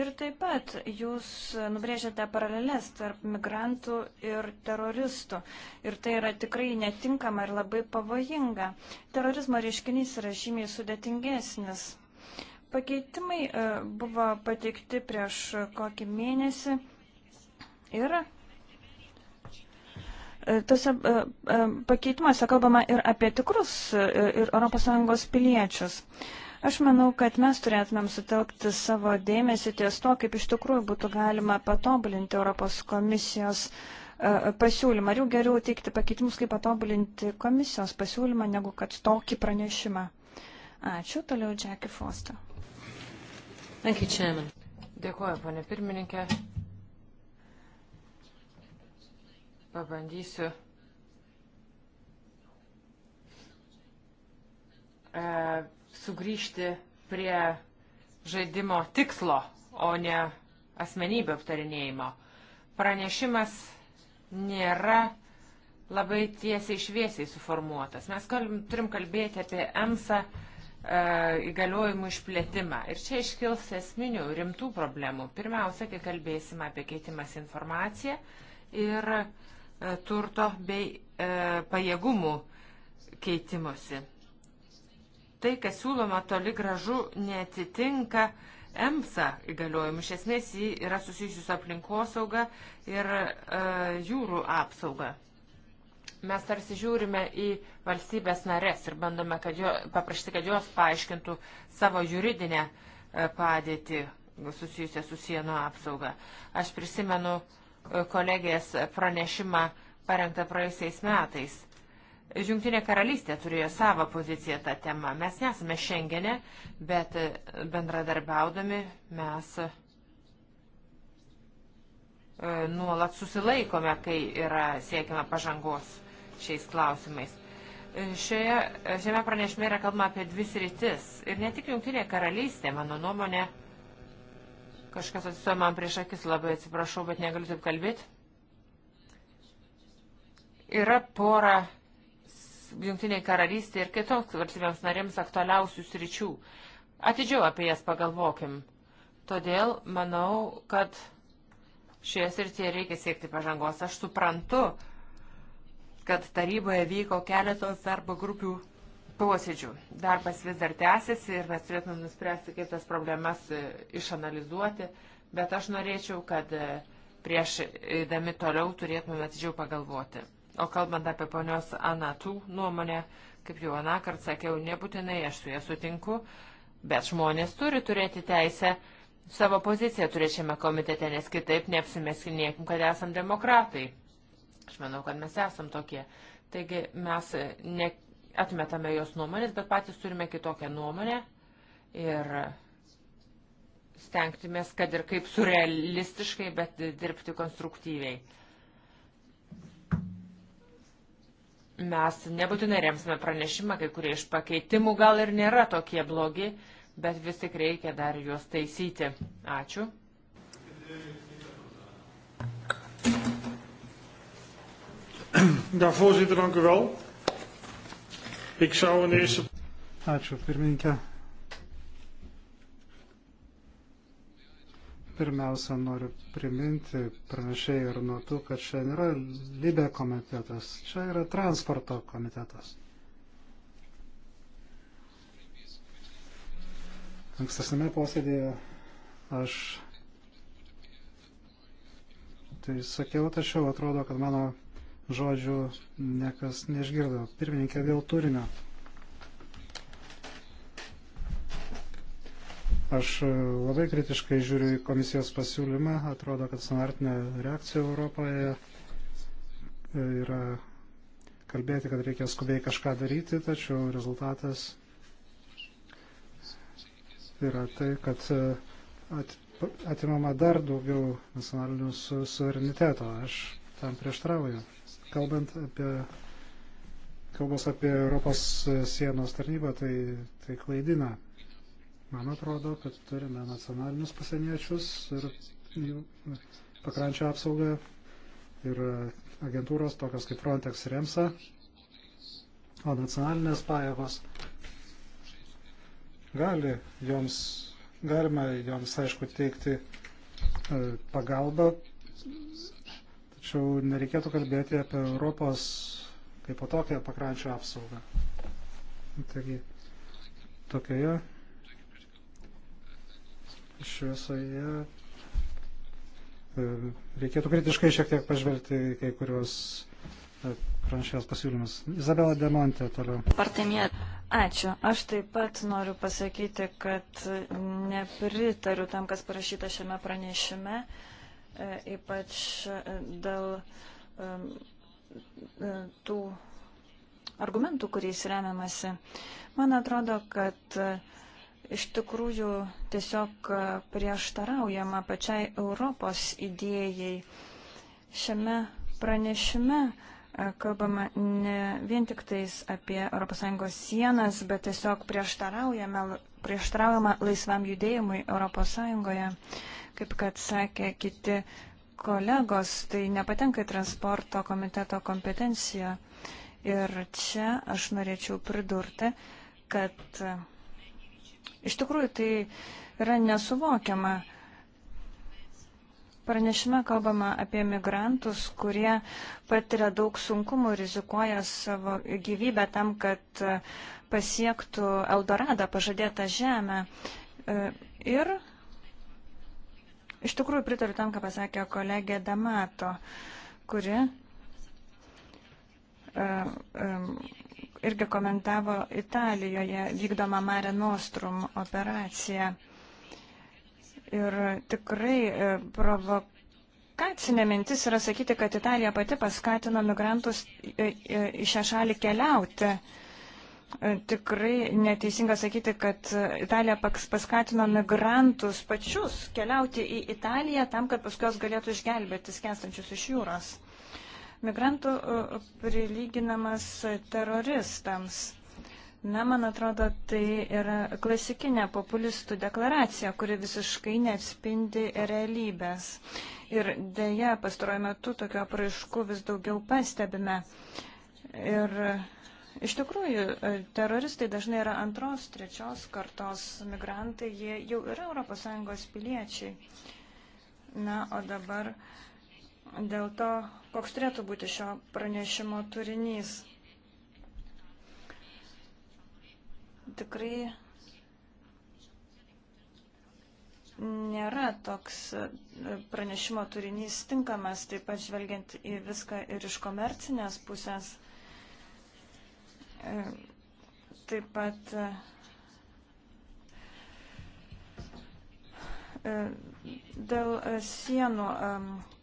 Ir taip pat jūs nubrėžiate paralelės tarp migrantų ir teroristų. Ir tai yra tikrai netinkama ir labai pavojinga. Terorizmo reiškinys yra žymiai sudėtingesnis. Pakeitimai e, buvo pateikti prieš kokį mėnesį ir e, tose e, pakeitimuose kalbama ir apie tikrus ir ES piliečius. Aš manau, kad mes turėtumėm sutelkti savo dėmesį ties to, kaip iš tikrųjų būtų galima patobulinti Europos komisijos pasiūlymą. Ar jau geriau teikti pakeitimus, kaip patobulinti komisijos pasiūlymą, negu kad tokį pranešimą. Ačiū, toliau Jackie Foster. Thank you, Chairman. Dėkuoju, ponė pirmininkė. Pabandysiu. E, sugrįžti prie žaidimo tikslo, o ne asmenybė aptarinėjimo. Pranešimas nėra labai tiesiai šviesiai suformuotas. Mes kalim, turim kalbėti apie EMSA E, įgaliojimų išplėtimą. Ir čia iškils esminių rimtų problemų. Pirmiausia, kai kalbėsim apie keitimas informaciją ir e, turto bei e, pajėgumų keitimosi. Tai, kas siūloma toli gražu, netitinka EMSA įgaliojimų. Iš esmės, jį yra susijusius aplinkosauga ir jūrų apsauga. Mes tarsi žiūrime į valstybės narės ir bandome kad jo, paprašyti, kad jos paaiškintų savo juridinę e, padėtį susijusią su sienų apsauga. Aš prisimenu e, kolegės pranešimą parengtą praėjusiais metais. Junktinė karalystė turėjo savo poziciją tą temą. Mes nesame Šengene, bet e, bendradarbiaudami mes nuolat susilaikome, kai yra siekiama pažangos šiais klausimais. Šioje, šiame pranešime yra kalbama apie dvi sritis. Ir ne tik Junktinė karalystė, mano nuomonė, kažkas atsistoja man prieš akis, labai atsiprašau, bet negaliu taip kalbėti. Yra pora Junktinė karalystė ir kitoms valstybėms narėms aktualiausių sričių. Atidžiau apie jas pagalvokim. Todėl manau, kad šioje srityje reikia siekti pažangos. Aš suprantu, kad taryboje vyko keletos darbo grupių posėdžių. Darbas vis dar tęsiasi ir mes turėtume nuspręsti, kaip tas problemas e, išanalizuoti, bet aš norėčiau, kad e, prieš eidami toliau turėtume atidžiau pagalvoti. O kalbant apie ponios Anatų nuomonę, kaip jau anakart sakiau, nebūtinai aš su ja sutinku, bet žmonės turi turėti teisę savo poziciją turėčiame komitete, nes kitaip neapsimeskinėkim, kad esam demokratai. Aš manau, kad mes esam tokie. Taigi mes ne, atmetame jos nuomonės, bet patys turime kitokią nuomonę ir stengtumės, kad ir kaip surrealistiškai, bet dirbti konstruktyviai. Mes nebūtinai remsime pranešimą, kai kurie iš pakeitimų gal ir nėra tokie blogi, bet vis tik reikia dar juos taisyti. Ačiū. *clears throat* Ja, voorzitter, dank u wel. Ik zou in de eerste... Ačiū, pirmininkė. Pirmiausia, noriu priminti pranešėjai ir nuo tų, kad čia nėra Libė komitetas, čia yra transporto komitetas. Ankstesnėme posėdėje aš tai sakiau, tačiau atrodo, kad mano žodžių nekas neišgirdo. Pirmininkė dėl turinio. Aš labai kritiškai žiūriu į komisijos pasiūlymą. Atrodo, kad standartinė reakcija Europoje yra kalbėti, kad reikia skubiai kažką daryti, tačiau rezultatas yra tai, kad atimama dar daugiau nacionalinių suvereniteto. Aš tam prieštrauju. Kalbant apie kalbos apie Europos sienos tarnybą, tai, tai klaidina. Man atrodo, kad turime nacionalinius pasieniečius ir jų pakrančio apsaugą ir agentūros tokios kaip Frontex ir EMSA, o nacionalinės pajėgos gali joms, galima joms, aišku, teikti e, pagalbą Tačiau nereikėtų kalbėti apie Europos kaip po tokią pakrančio apsaugą. Taigi, tokioje šviesoje e, reikėtų kritiškai šiek tiek pažvelgti kai kurios e, pranešėjos pasiūlymus. Izabela Demonte toliau. Partemė. Ačiū. Aš taip pat noriu pasakyti, kad nepritariu tam, kas parašyta šiame pranešime. Uh, E, ypač e, dėl e, tų argumentų, kuriais remiamasi. Man atrodo, kad iš tikrųjų tiesiog prieštaraujama pačiai Europos idėjai. Šiame pranešime kalbama ne vien tik tais apie ES sienas, bet tiesiog prieštaraujama laisvam judėjimui ES. Kaip kad sakė kiti kolegos, tai nepatenka į transporto komiteto kompetenciją. Ir čia aš norėčiau pridurti, kad e, iš tikrųjų tai yra nesuvokiama. Pranešime kalbama apie migrantus, kurie patiria daug sunkumų, rizikuoja savo gyvybę tam, kad e, pasiektų Eldoradą, pažadėtą žemę. E, ir Iš tikrųjų pritariu tam, ką pasakė kolegė Damato, kuri e, e, irgi komentavo Italijoje vykdomą Mare Nostrum operaciją. Ir tikrai e, provokacinė mintis yra sakyti, kad Italija pati paskatino migrantus į šią šalį keliauti tikrai neteisinga sakyti, kad Italija paskatino migrantus pačius keliauti į Italiją tam, kad paskui jos galėtų išgelbėti skęstančius iš jūros. Migrantų uh, prilyginamas teroristams. Na, man atrodo, tai yra klasikinė populistų deklaracija, kuri visiškai neatspindi realybės. Ir dėja, pastaruoju metu tokio apraiškų vis daugiau pastebime. Ir Iš tikrųjų, e, teroristai dažnai yra antros, trečios kartos migrantai, jie jau yra ES piliečiai. Na, o dabar dėl to, koks turėtų būti šio pranešimo turinys. Tikrai nėra toks e, pranešimo turinys tinkamas, taip pat žvelgiant į viską ir iš komercinės pusės. Taip pat e, dėl sienų e,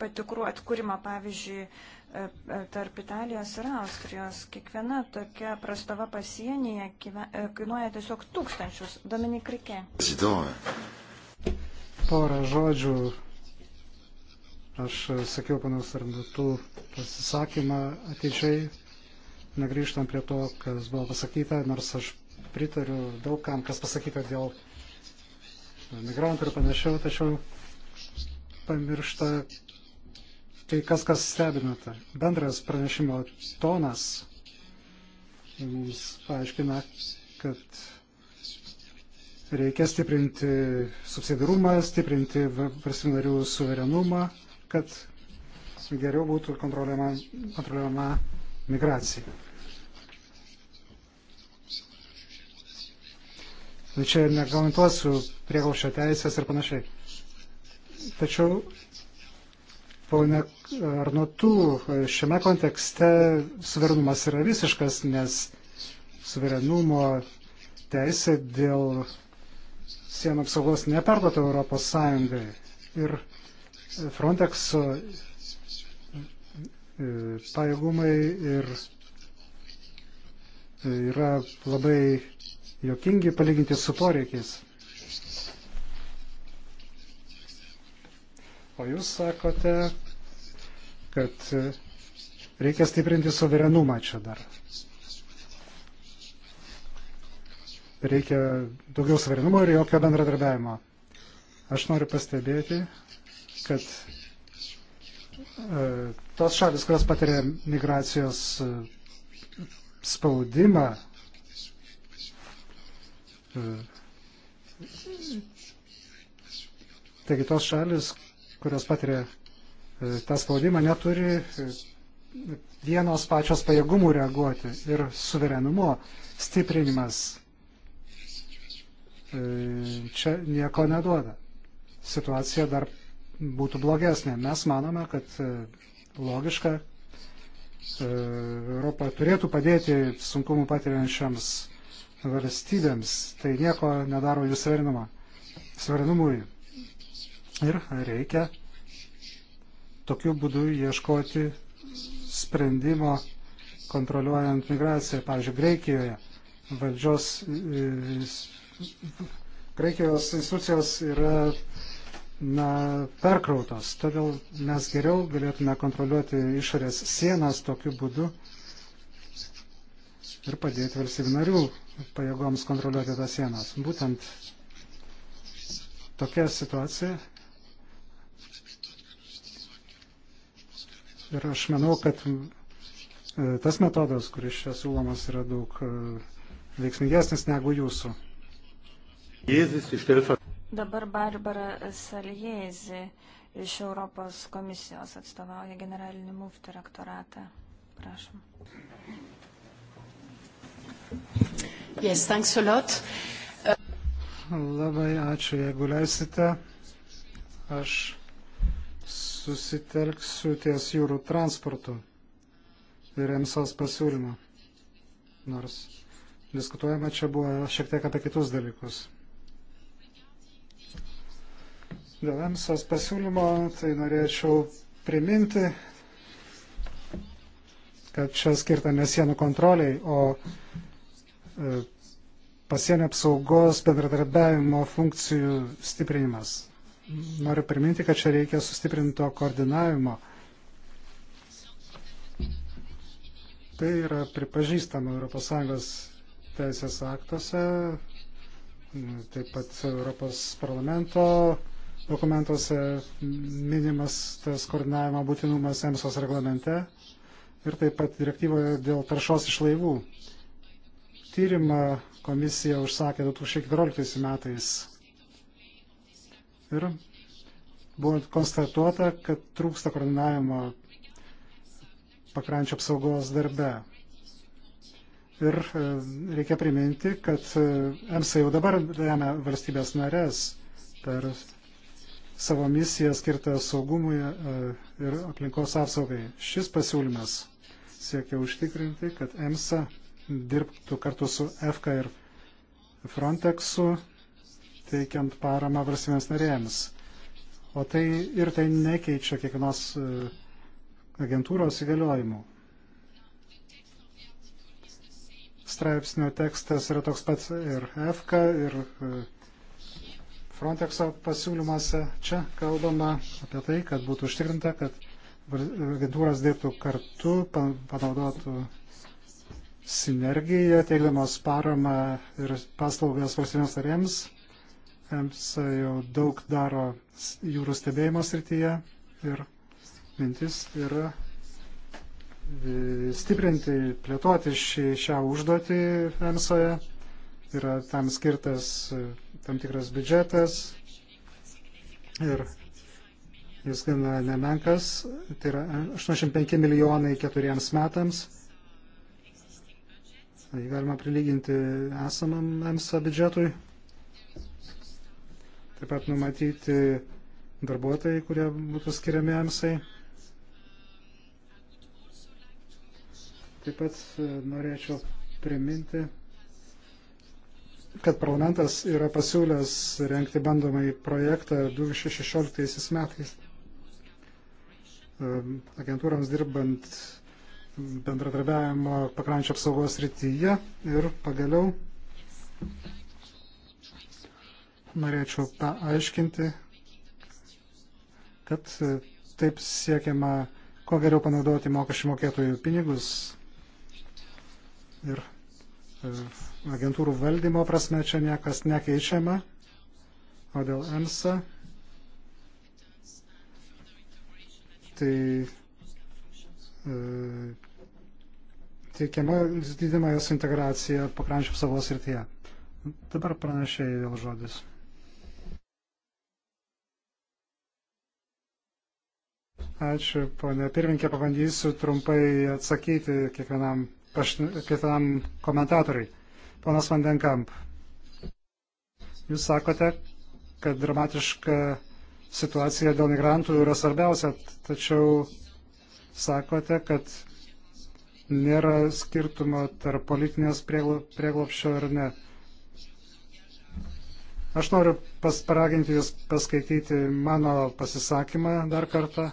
patikrų atkūrimo, pavyzdžiui, e, tarp Italijos ir Austrijos. Kiekviena tokia prastova pasienyje kainuoja tiesiog tūkstančius. Dominik Rikė. Porą žodžių. Aš sakiau panas Arnatų pasisakymą ateičiai negrįžtant prie to, kas buvo pasakyta, nors aš pritariu daugam, kas pasakyta dėl migrantų ir panašiau, tačiau pamiršta tai kas, kas stebina. Ta. Bendras pranešimo tonas mums paaiškina, kad reikia stiprinti subsidarumą, stiprinti valstybinarių suverenumą, kad geriau būtų kontroliuojama migracija. Tai čia nekomentuosiu prieglaušio teisės ir panašiai. Tačiau, ponė Arnotų, šiame kontekste suverenumas yra visiškas, nes suverenumo teisė dėl sienų apsaugos neperduota Europos Sąjungai. Ir Frontex e, pajėgumai ir e, yra labai jokingi palyginti su poreikiais. O jūs sakote, kad reikia stiprinti suverenumą čia dar. Reikia daugiau suverenumo ir jokio bendradarbiavimo. Aš noriu pastebėti, kad e, tos šalis, kurios patiria migracijos e, spaudimą, Mm. Taigi tos šalis, kurios patiria e, tą spaudimą, neturi e, vienos pačios pajėgumų reaguoti ir suverenumo stiprinimas e, čia nieko neduoda. Situacija dar būtų blogesnė. Mes manome, kad logiška Europa turėtų padėti sunkumų patiriančiams valstybėms. Tai nieko nedaro jų suverenumui. Ir reikia tokiu būdu ieškoti sprendimo kontroliuojant migraciją, pavyzdžiui, Graikijoje. Valdžios, Graikijos institucijos yra na, perkrautos, todėl mes geriau galėtume kontroliuoti išorės sienas tokiu būdu ir padėti valstybių narių pajėgoms kontroliuoti tas sienas. Būtent tokia situacija. Ir aš manau, kad e, tas metodas, kuris čia siūlomas, yra daug e, veiksmingesnis negu jūsų. Dabar Barbara Saljezi iš Europos komisijos atstovauja generalinį MUF direktoratą. Prašom. Yes, thanks a lot. Labai ačiū, jeigu leisite. Aš susitelksiu ties jūrų transportu ir EMSOS pasiūlymą. Nors diskutuojame, čia buvo šiek tiek apie kitus dalykus. Dėl EMSOS pasiūlymo, tai norėčiau priminti, kad čia skirta ne sienų kontroliai, o E, pasienio apsaugos bendradarbiavimo funkcijų stiprinimas. Noriu priminti, kad čia reikia sustiprinto koordinavimo. Tai yra pripažįstama ES teisės aktuose, taip pat Europos parlamento dokumentuose minimas tas koordinavimo būtinumas EMSOS reglamente ir taip pat direktyvoje dėl taršos iš laivų tyrimą komisija užsakė 2014 metais. Ir buvo konstatuota, kad trūksta koordinavimo pakrančio apsaugos darbe. Ir e, reikia priminti, kad EMSA jau dabar remia valstybės narės per savo misiją skirtą saugumui e, ir aplinkos apsaugai. Šis pasiūlymas siekia užtikrinti, kad EMSA dirbtų kartu su EFKA ir Frontexu, teikiant paramą valstybėms narėjams. O tai ir tai nekeičia kiekvienos e, agentūros įgaliojimų. Straipsnio tekstas yra toks pats ir EFKA, ir e, Frontexo pasiūlymuose. Čia kalbama apie tai, kad būtų užtikrinta, kad agentūros dirbtų kartu, panaudotų sinergiją, teikdamos paramą ir paslaugas valstybėms narėms. EMSA jau daug daro jūrų stebėjimo srityje ir mintis yra e, stiprinti, plėtoti šį, šią užduotį EMSOje. Yra tam skirtas e, tam tikras biudžetas ir jis gana nemenkas, tai yra 85 e, milijonai keturiems metams Jį galima prilyginti esamam EMSA biudžetui. Taip pat numatyti darbuotojai, kurie būtų skiriami EMSA. Taip pat e, norėčiau priminti, kad parlamentas yra pasiūlęs renkti bandomąjį projektą 2016 metais e, agentūrams dirbant bendradarbiavimo pakrančio apsaugos rytyje. Ir pagaliau norėčiau paaiškinti, kad taip siekiama kuo geriau panaudoti mokesčių mokėtojų pinigus ir e, agentūrų valdymo prasme čia niekas nekeičiama, o dėl EMSA tai e, didinama jos integracija pakrančių apsaugos srityje. Dabar pranešėjai vėl žodis. Ačiū, ponė pirminkė, pabandysiu trumpai atsakyti kiekvienam, pašn... kiekvienam komentatoriui. Ponas Vandenkamp, jūs sakote, kad dramatiška situacija dėl migrantų yra svarbiausia, tačiau sakote, kad nėra skirtumo tarp politinės prieglopščio ar ne. Aš noriu pas, paraginti Jūs paskaityti mano pasisakymą dar kartą.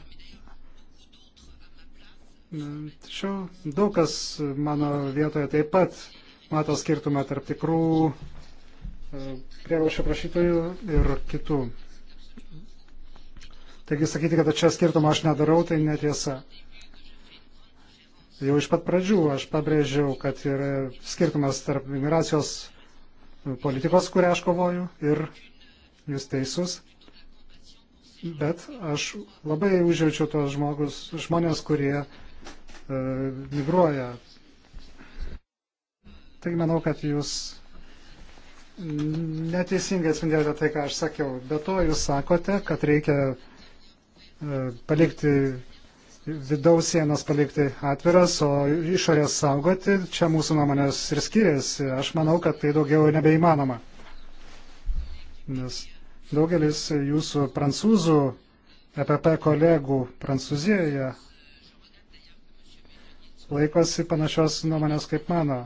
Tačiau daug kas mano vietoje taip pat mato skirtumą tarp tikrų e, prieglopščio prašytojų ir kitų. Taigi sakyti, kad čia skirtumą aš nedarau, tai netiesa. Jau iš pat pradžių aš pabrėžiau, kad yra skirtumas tarp migracijos politikos, kurią aš kovoju, ir jūs teisus. Bet aš labai užjaučiu tos žmogus, žmonės, kurie e, migruoja. Taigi manau, kad jūs neteisingai atspindėjote tai, ką aš sakiau. Be to jūs sakote, kad reikia e, palikti vidaus sienas palikti atviras, o išorės saugoti, čia mūsų nuomonės ir skiriasi. Aš manau, kad tai daugiau nebeįmanoma. Nes daugelis jūsų prancūzų EPP kolegų Prancūzijoje laikosi panašios nuomonės kaip mano.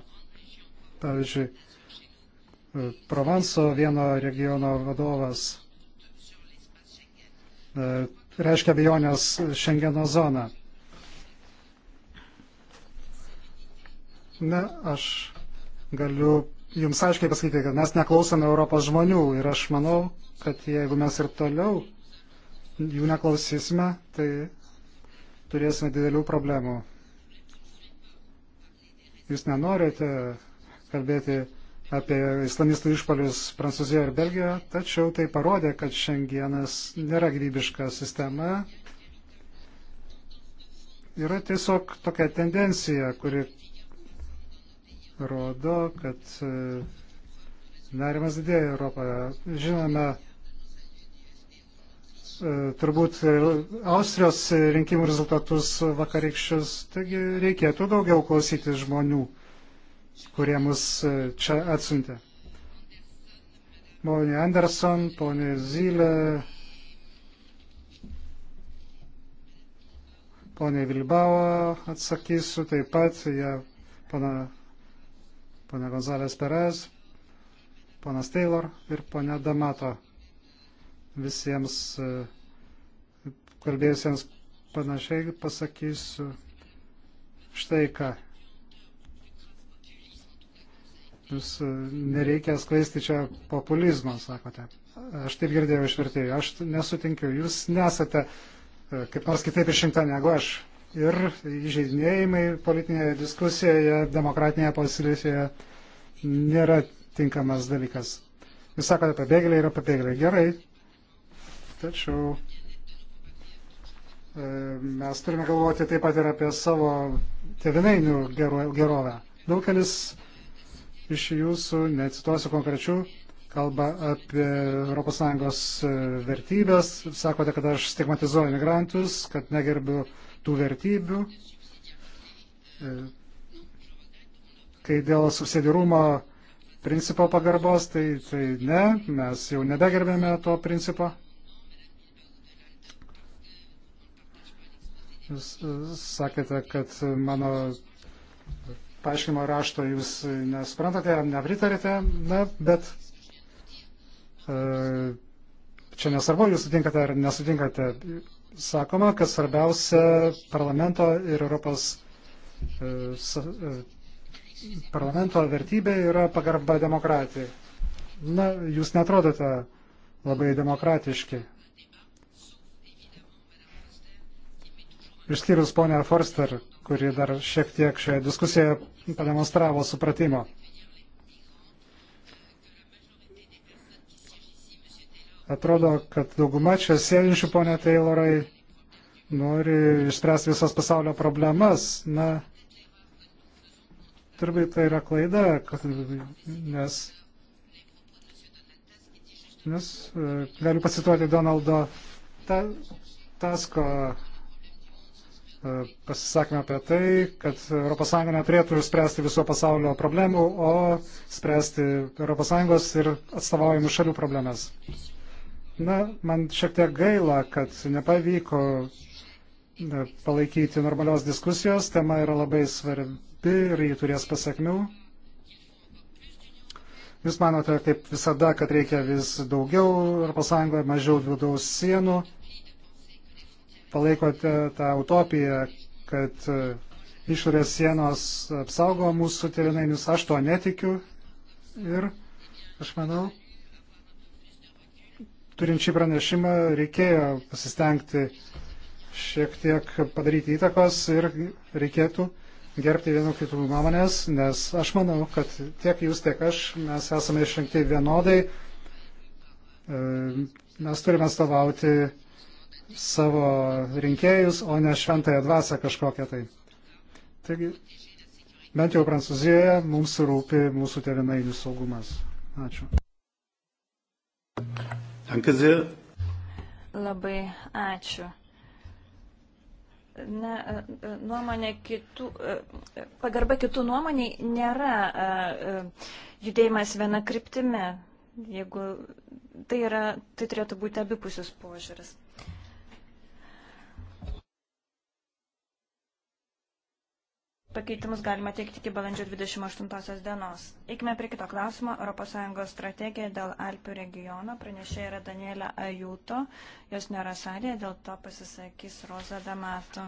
Pavyzdžiui, Provanso vieno regiono vadovas e, reiškia abejonės Šengeno zoną. Na, aš galiu jums aiškiai pasakyti, kad mes neklausome Europos žmonių ir aš manau, kad jeigu mes ir toliau jų neklausysime, tai turėsime didelių problemų. Jūs nenorite kalbėti apie islamistų išpolius Prancūzijoje ir Belgijoje, tačiau tai parodė, kad šiandienas nėra gyvybiška sistema. Yra tiesiog tokia tendencija, kuri rodo, kad e, nerimas didėja Europoje. Žinome, e, turbūt Austrijos rinkimų rezultatus vakarykščius, taigi reikėtų daugiau klausytis žmonių kurie mus e, čia atsiuntė. Monė Anderson, ponė Zylė, ponė Vilbao atsakysiu taip pat, jie pana, pana Gonzalės Perez, ponas Taylor ir ponia Damato. Visiems e, kalbėjusiems panašiai pasakysiu štai ką jūs e, nereikia skleisti čia populizmą, sakote. Aš taip girdėjau iš vertėjų. Aš nesutinkiu. Jūs nesate e, kaip nors kitaip išrinkta negu aš. Ir įžeidinėjimai politinėje diskusijoje, demokratinėje pozicijoje nėra tinkamas dalykas. Jūs sakote, pabėgėliai yra pabėgėliai. Gerai. Tačiau e, mes turime galvoti taip pat ir apie savo tevinainių gerovę. Daugelis iš jūsų, necituosiu konkrečių, kalba apie ES e, vertybės, sakote, kad aš stigmatizuoju migrantus, kad negerbiu tų vertybių. E, kai dėl subsidirumo principo pagarbos, tai, tai ne, mes jau nebegerbėme to principo. Jūs e, sakėte, kad mano paaiškinimo rašto jūs nesprantate, nepritarite, na, bet e, čia nesvarbu, jūs sutinkate ar nesutinkate. Sakoma, kad svarbiausia parlamento ir Europos e, e, parlamento vertybė yra pagarba demokratijai. Na, jūs netrodote labai demokratiški. Išskyrus ponę Forster, kuri dar šiek tiek šioje diskusijoje pademonstravo supratimo. Atrodo, kad dauguma čia sėdinčių, ponė Taylorai, nori išspręsti visas pasaulio problemas. Na, turbūt tai yra klaida, kad, nes, nes e, galiu pacituoti Donaldo Tasko ta E, pasisakėme apie tai, kad ES neturėtų spręsti viso pasaulio problemų, o spręsti ES ir atstovaujamų šalių problemas. Na, man šiek tiek gaila, kad nepavyko e, palaikyti normalios diskusijos, tema yra labai svarbi ir jį turės pasiekmių. Jūs manote, kaip visada, kad reikia vis daugiau ES, mažiau vidaus sienų palaikote tą utopiją, kad e, išorės sienos apsaugo mūsų tėvinainius, aš to netikiu ir aš manau, turint šį pranešimą reikėjo pasistengti šiek tiek padaryti įtakos ir reikėtų gerbti vienų kitų nuomonės, nes aš manau, kad tiek jūs, tiek aš, mes esame išrinkti vienodai, e, mes turime atstovauti savo rinkėjus, o ne šventąją dvasę kažkokią tai. Taigi, bent jau Prancūzijoje mums rūpi mūsų tevinainių saugumas. Ačiū. Labai ačiū. Na, e, e, nuomonė kitų, e, pagarba kitų nuomoniai nėra judėjimas viena kryptime. Jeigu tai yra, tai turėtų būti abipusis požiūris. Pakeitimus galima teikti iki balandžio 28 dienos. Eikime prie kito klausimo. ES strategija dėl Alpių regiono. Pranešė yra Danielė Ajuto. Jos nėra salėje, dėl to pasisakys Roza Damato.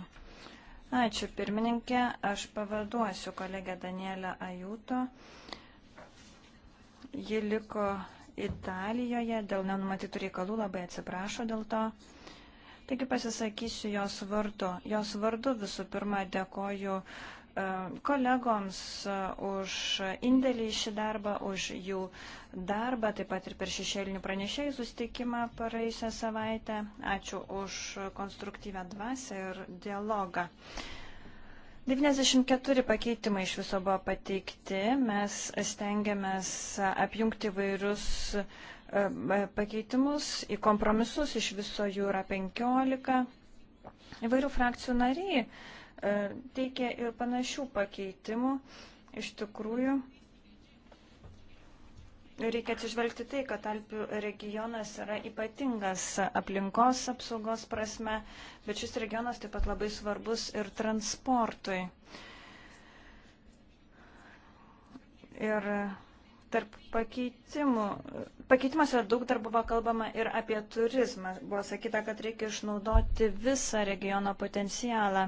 Ačiū pirmininkė. Aš pavaduosiu kolegę Danielę Ajuto. Ji liko Italijoje dėl nenumatytų reikalų. Labai atsiprašo dėl to. Taigi pasisakysiu jos vardu. Jos vardu visų pirma dėkoju uh, E, kolegoms e, už indėlį į šį darbą, už jų darbą, taip pat ir per šešėlinių pranešėjų sustikimą praeisę savaitę. Ačiū už konstruktyvę dvasę ir dialogą. 94 pakeitimai iš viso buvo pateikti. Mes stengiamės apjungti vairius e, pakeitimus į kompromisus. Iš viso jų yra 15. Įvairių frakcijų nariai E, teikia ir panašių pakeitimų. Iš tikrųjų, reikia atsižvelgti tai, kad Alpių regionas yra ypatingas aplinkos apsaugos prasme, bet šis regionas taip pat labai svarbus ir transportui. Ir Tarp pakeitimų, pakeitimuose daug dar buvo kalbama ir apie turizmą. Buvo sakyta, kad reikia išnaudoti visą regiono potencialą.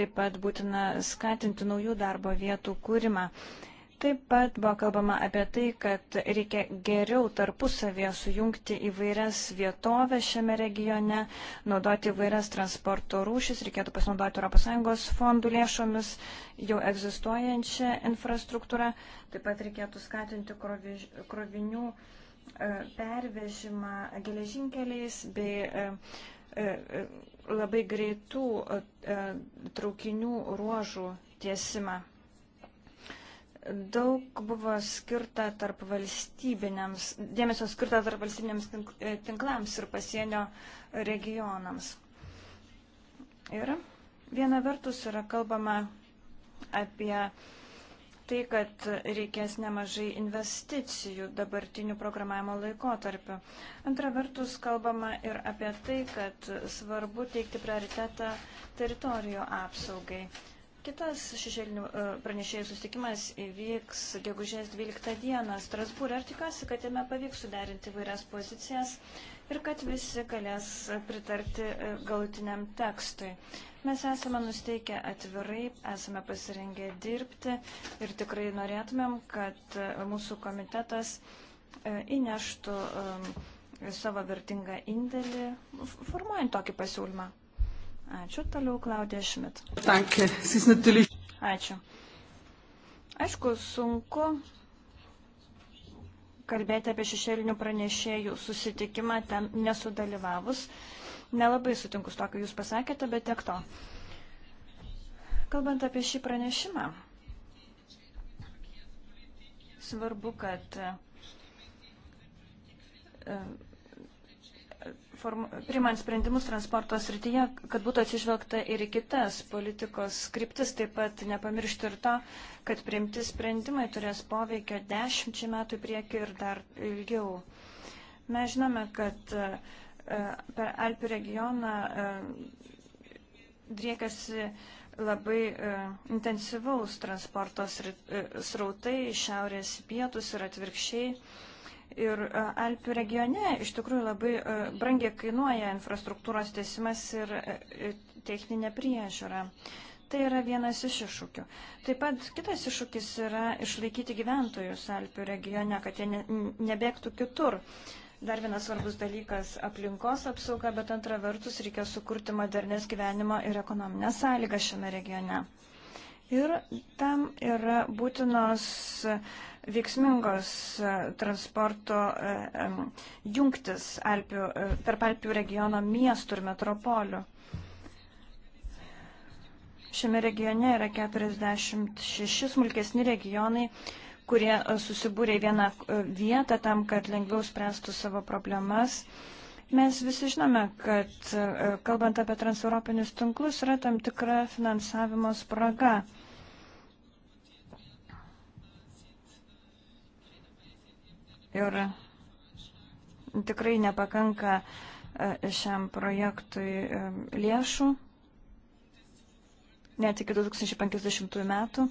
Taip pat būtina skatinti naujų darbo vietų kūrimą. Uh, Taip pat buvo kalbama apie tai, kad reikia geriau tarpusavėje sujungti įvairias vietovės šiame regione, naudoti įvairias transporto rūšis, reikėtų pasinaudoti ES fondų lėšomis jau egzistuojančią infrastruktūrą, taip pat reikėtų skatinti krovinių e, pervežimą geležinkeliais bei e, e, labai greitų traukinių ruožų tiesimą. Daug buvo skirta tarp valstybinėms, dėmesio skirta tarp valstybinėms e, tinklams ir pasienio regionams. Ir viena vertus yra kalbama apie tai, kad reikės nemažai investicijų dabartinių programavimo laikotarpiu. Antra vertus, kalbama ir apie tai, kad svarbu teikti prioritetą teritorijų apsaugai. Kitas šešėlinių e, pranešėjų susitikimas įvyks gegužės 12 dieną Strasbūrė. Ar tikiuosi, kad jame pavyks suderinti vairias pozicijas ir kad visi galės pritarti e, galutiniam tekstui. Mes esame nusteikę atvirai, esame pasirengę dirbti ir tikrai norėtumėm, kad e, mūsų komitetas įneštų savo vertingą indėlį formuojant tokį pasiūlymą. Ačiū toliau, Klaudija Šmit. Ačiū. Aišku, sunku kalbėti apie šešėlinių pranešėjų susitikimą ten nesudalyvavus. Nelabai sutinku su to, ką Jūs pasakėte, bet tiek to. Kalbant apie šį pranešimą, svarbu, kad form... primant sprendimus transporto srityje, kad būtų atsižvelgta ir į kitas politikos skriptis, taip pat nepamiršti ir to, kad priimti sprendimai turės poveikio dešimčiai metų prieki ir dar ilgiau. Mes žinome, kad e, per Alpių regioną e, driekiasi labai e, intensyvaus transporto srautai iš šiaurės į pietus ir atvirkščiai. Ir e, Alpių regione iš tikrųjų labai e, brangiai kainuoja infrastruktūros tiesimas ir e, techninė priežiūra. Tai yra vienas iš iššūkių. Taip pat kitas iššūkis yra išlaikyti gyventojus Alpių regione, kad jie nebėgtų kitur. Dar vienas svarbus dalykas - aplinkos apsauga, bet antra vertus reikia sukurti modernės gyvenimo ir ekonominę sąlygą šiame regione. Ir tam yra būtinos uh, veiksmingos e, transporto e, jungtis Alpių, e, per Alpių regiono miestų ir metropolių. Šiame regione yra 46 smulkesni regionai, kurie susibūrė į vieną vietą tam, kad lengviau spręstų savo problemas. Mes visi žinome, kad kalbant apie transeuropinius tinklus yra tam tikra finansavimo spraga. Ir tikrai nepakanka e, šiam projektui e, lėšų, net iki 2050 metų.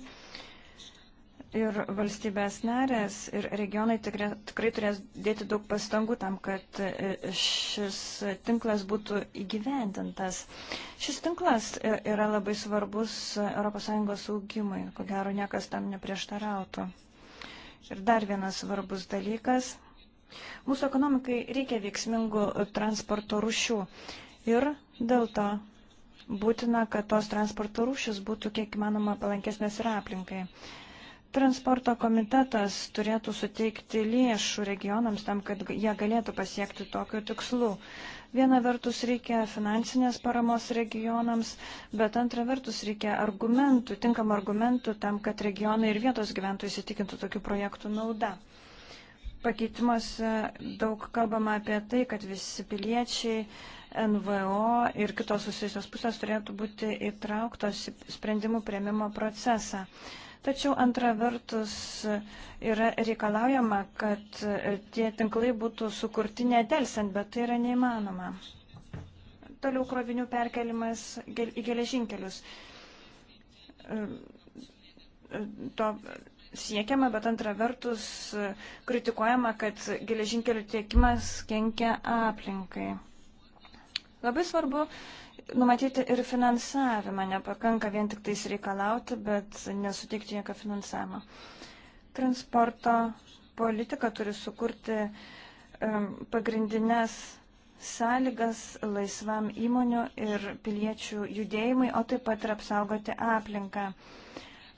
Ir valstybės narės ir regionai tikrai, tikrai turės dėti daug pastangų tam, kad e, šis tinklas būtų įgyvendintas. Šis tinklas yra labai svarbus ES augimui, ko gero niekas tam neprieštarautų. Ir dar vienas svarbus dalykas. Mūsų ekonomikai reikia veiksmingų transporto rušių. Ir dėl to būtina, kad tos transporto rūšis būtų kiek įmanoma palankesnės ir aplinkai. Transporto komitetas turėtų suteikti lėšų regionams tam, kad jie galėtų pasiekti tokiu tikslu. Viena vertus reikia finansinės paramos regionams, bet antra vertus reikia argumentų, tinkamų argumentų tam, kad regionai ir vietos gyventojai įsitikintų tokių projektų nauda. Pakeitimuose daug kalbama apie tai, kad visi piliečiai NVO ir kitos susijusios pusės turėtų būti įtrauktos į sprendimų prieimimo procesą. Tačiau antra vertus yra reikalaujama, kad tie tinklai būtų sukurti nedelsiant, bet tai yra neįmanoma. Toliau krovinių perkelimas į geležinkelius. To siekiama, bet antra vertus kritikuojama, kad geležinkelių tiekimas kenkia aplinkai. Labai svarbu numatyti ir finansavimą, nepakanka vien tik tais reikalauti, bet nesuteikti jokio finansavimo. Transporto politika turi sukurti um, pagrindinės sąlygas laisvam įmonių ir piliečių judėjimui, o taip pat ir apsaugoti aplinką.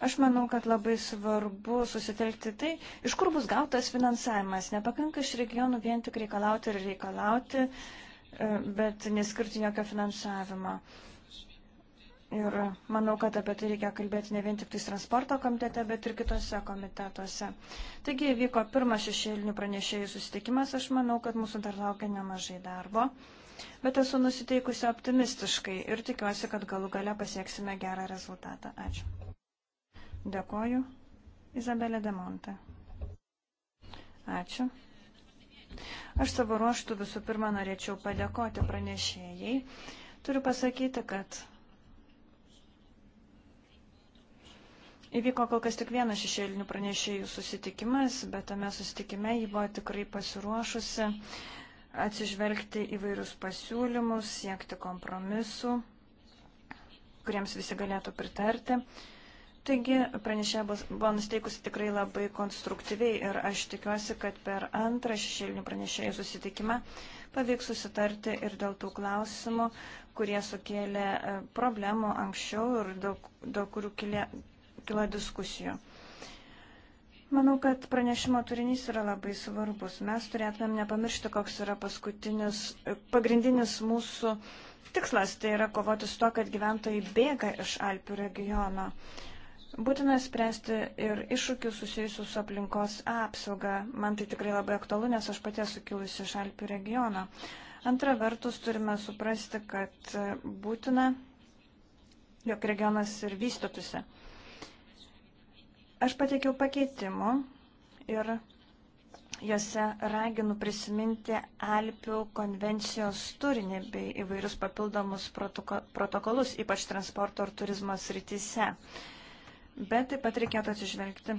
Aš manau, kad labai svarbu susitelkti tai, iš kur bus gautas finansavimas. Nepakanka iš regionų vien tik reikalauti ir reikalauti. Uh, bet neskirti jokio finansavimo. Ir manau, kad apie tai reikia kalbėti ne vien tik transporto komitete, bet ir kitose komitetuose. Taigi vyko pirmas šešėlinių pranešėjų susitikimas, aš manau, kad mūsų dar laukia nemažai darbo, bet esu nusiteikusi optimistiškai ir tikiuosi, kad galų gale pasieksime gerą rezultatą. Ačiū. Dėkoju. Izabelė Demonte. Ačiū. Aš savo ruoštų visų pirma norėčiau padėkoti pranešėjai. Turiu pasakyti, kad įvyko kol kas tik vienas šešėlinių pranešėjų susitikimas, bet tame susitikime jį buvo tikrai pasiruošusi atsižvelgti įvairius pasiūlymus, siekti kompromisų, kuriems visi galėtų pritarti. Taigi pranešė buvo nusteikusi tikrai labai konstruktyviai ir aš tikiuosi, kad per antrą šešėlinių pranešėjų susitikimą pavyks susitarti ir dėl tų klausimų, kurie sukėlė e, problemų anksčiau ir dėl, dėl kurių kilė, kilo diskusijų. Manau, kad pranešimo turinys yra labai svarbus. Mes turėtumėm nepamiršti, koks yra paskutinis, e, pagrindinis mūsų tikslas, tai yra kovoti su to, kad gyventojai bėga iš Alpių regiono. Uh, Būtina spręsti ir iššūkius susijusius su aplinkos apsauga. Man tai tikrai labai aktualu, nes aš pati esu kilusi iš Alpių regiono. Antra vertus, turime suprasti, kad būtina, jog regionas ir vystytųsi. Aš pateikiau pakeitimų ir juose raginu prisiminti Alpių konvencijos turinį bei įvairius papildomus protokolus, ypač transporto ir turizmo srityse bet taip pat reikėtų atsižvelgti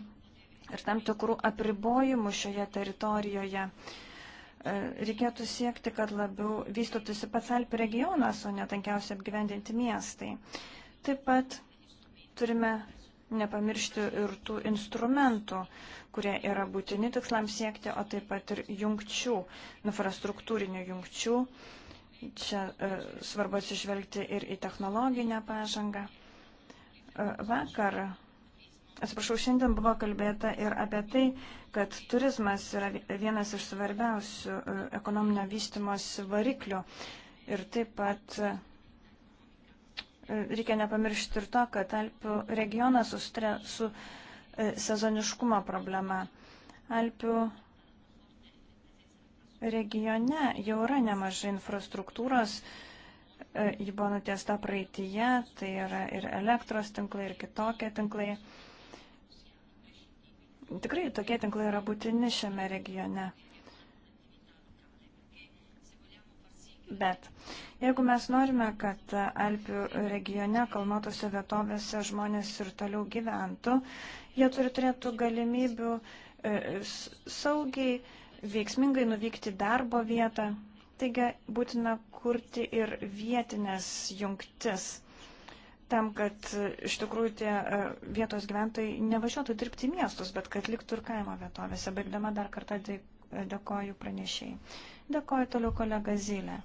ir tam tikrų apribojimų šioje teritorijoje. E, reikėtų siekti, kad labiau vystytųsi pats Alpių regionas, o netankiausiai apgyvendinti miestai. Taip pat turime nepamiršti ir tų instrumentų, kurie yra būtini tikslams siekti, o taip pat ir jungčių, infrastruktūrinių jungčių. Čia e, svarbu atsižvelgti ir į technologinę pažangą. E, vakar Atsiprašau, šiandien buvo kalbėta ir apie tai, kad turizmas yra vienas iš svarbiausių e, ekonominio vystimosi variklių. Ir taip pat e, reikia nepamiršti ir to, kad Alpių regionas susitrė su e, sezoniškumo problema. Alpių regione jau yra nemažai infrastruktūros, ji buvo nutiesta praeitįje, tai yra ir elektros tinklai, ir kitokie tinklai. Tikrai tokie tinklai yra būtini šiame regione. Bet jeigu mes norime, kad Alpių regione, kalnuotose vietovėse žmonės ir toliau gyventų, jie turi turėtų galimybių e, saugiai, veiksmingai nuvykti darbo vietą. Taigi būtina kurti ir vietinės jungtis tam, kad e, iš tikrųjų tie e, vietos gyventojai nevažiuotų dirbti į miestus, bet kad liktų ir kaimo vietovėse. Baigdama dar kartą e, dėkoju pranešėjai. Dėkoju toliau kolega Zylė.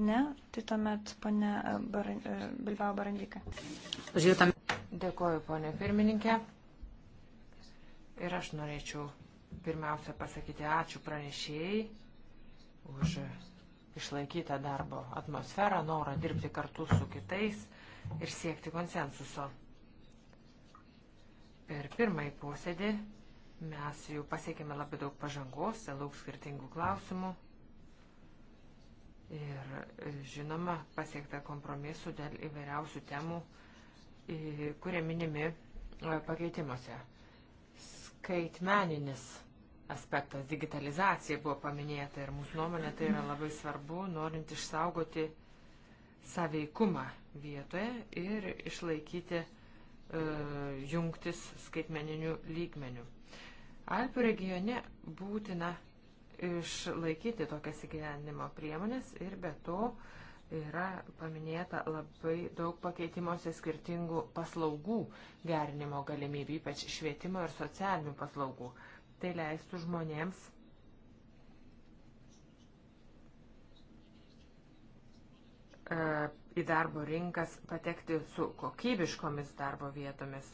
Ne, tai tuomet pane Baran, Bilbao Barandika. Žiūrėtam. Dėkoju, ponė pirmininkė. Ir aš norėčiau pirmiausia pasakyti ačiū pranešėjai už išlaikytą darbo atmosferą, norą dirbti kartu su kitais ir siekti konsensuso. Per pirmąjį posėdį mes jau pasiekėme labai daug pažangos, daug skirtingų klausimų. Ir e, žinoma, pasiekta kompromisų dėl įvairiausių temų, kurie minimi e, pakeitimuose. Skaitmeninis aspektas, digitalizacija buvo paminėta ir mūsų nuomonė tai yra labai svarbu, norint išsaugoti uh, saveikumą vietoje ir išlaikyti e, jungtis skaitmeninių lygmenių. Alpių regione būtina išlaikyti tokias įgyvendimo priemonės ir be to yra paminėta labai daug pakeitimuose skirtingų paslaugų gerinimo galimybių, ypač švietimo ir socialinių paslaugų. Tai leistų žmonėms E, į darbo rinkas patekti su kokybiškomis darbo vietomis.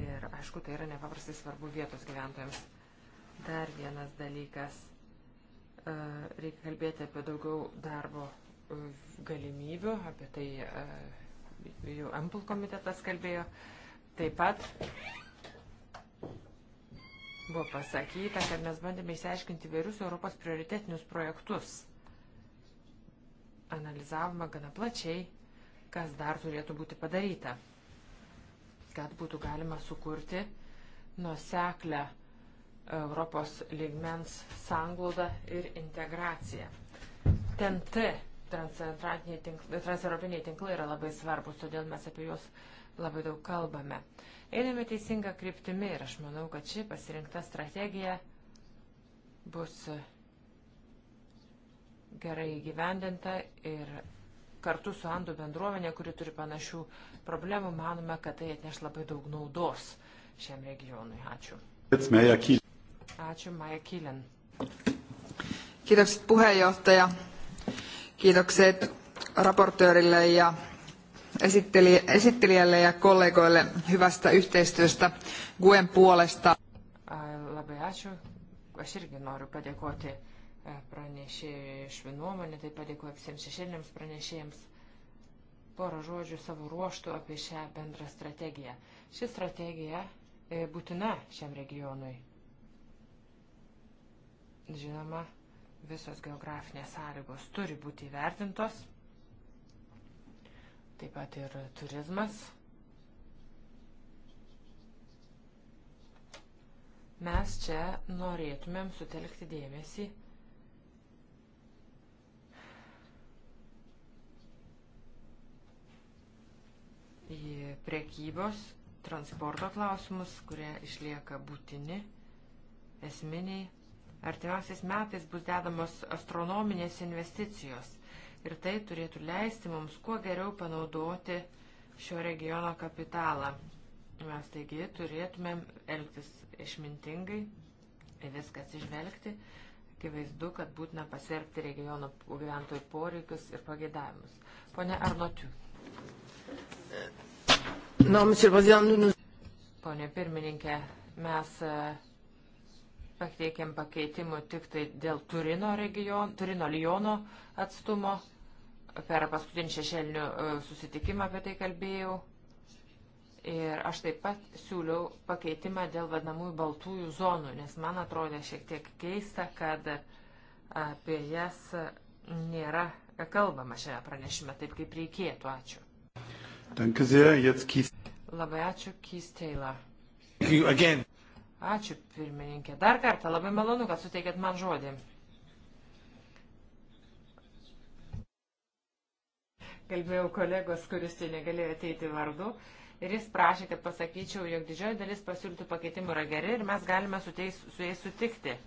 Ir aišku, tai yra nepaprastai svarbu vietos gyventojams. Dar vienas dalykas. E, reikia kalbėti apie daugiau darbo e, galimybių, apie tai jau Ampul komitetas kalbėjo. Taip pat buvo pasakyta, kad mes bandėme išsiaiškinti vairius Europos prioritetinius projektus analizavome gana plačiai, kas dar turėtų būti padaryta, kad būtų galima sukurti nuseklę Europos lygmens sanglaudą ir integraciją. TNT transeuropiniai tinklai yra labai svarbus, todėl mes apie juos labai daug kalbame. Einame teisinga kryptimi ir aš manau, kad ši pasirinkta strategija bus gerai įgyvendinta ir kartu su Andų bendruomenė, kuri turi panašių problemų, manome, kad tai atneš labai daug naudos šiam regionui. Ačiū. Ačiū, Maja Kylen. Kiitokset puheenjohtaja. Kiitokset raportöörille ja esittelijälle ja kollegoille hyvästä yhteistyöstä Guen puolesta. Ai, labai ačiū. Aš irgi noriu padėkoti E, pranešėjai iš nuomonę, taip pat dėkoju visiems šešėliniams pranešėjams. Porą žodžių savo ruoštų apie šią bendrą strategiją. Ši strategija e, būtina šiam regionui. Žinoma, visos geografinės sąlygos turi būti įvertintos, taip pat ir turizmas. Mes čia norėtumėm sutelkti dėmesį prekybos, transporto klausimus, kurie išlieka būtini, esminiai. Artimiausiais metais bus dedamos astronominės investicijos ir tai turėtų leisti mums kuo geriau panaudoti šio regiono kapitalą. Mes taigi turėtumėm elgtis išmintingai, viskas išvelgti, akivaizdu, kad būtina pasverti regiono gyventojų poreikius ir pagėdavimus. Pone Arnotiu. Non, monsieur le président, nous nous. Pone pirmininkė, mes e, pateikėm pakeitimų tik tai dėl Turino region, Turino Liono atstumo. Per paskutinį šešėlinių e, susitikimą apie tai kalbėjau. Ir aš taip pat siūliau pakeitimą dėl vadinamųjų baltųjų zonų, nes man atrodė šiek tiek keista, kad apie jas nėra kalbama šiame pranešime taip, kaip reikėtų. Ačiū. Danke sehr, jetzt Keith. Labai ačiū, Keith Taylor. Again. Ačiū, pirmininkė. Dar kartą labai malonu, kad suteikėt man žodį. Kalbėjau kolegos, kuris čia negalėjo ateiti vardu. Ir jis prašė, kad pasakyčiau, jog didžioji dalis pasiūlytų pakeitimų yra geri ir mes galime su, teis, su jais sutikti.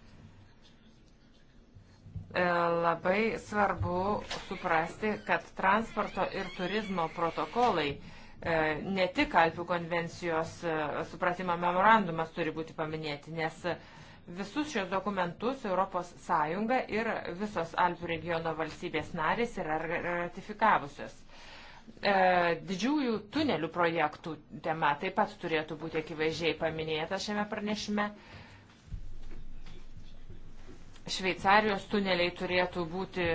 E, labai svarbu suprasti, kad transporto ir turizmo protokolai e, ne tik Alpių konvencijos e, supratimo memorandumas turi būti paminėti, nes visus šios dokumentus ES ir visos Alpių regiono valstybės narės yra ratifikavusios. Didžiųjų tunelių projektų tema taip pat turėtų būti akivaizdžiai paminėta šiame pranešime. Šveicarijos tuneliai turėtų būti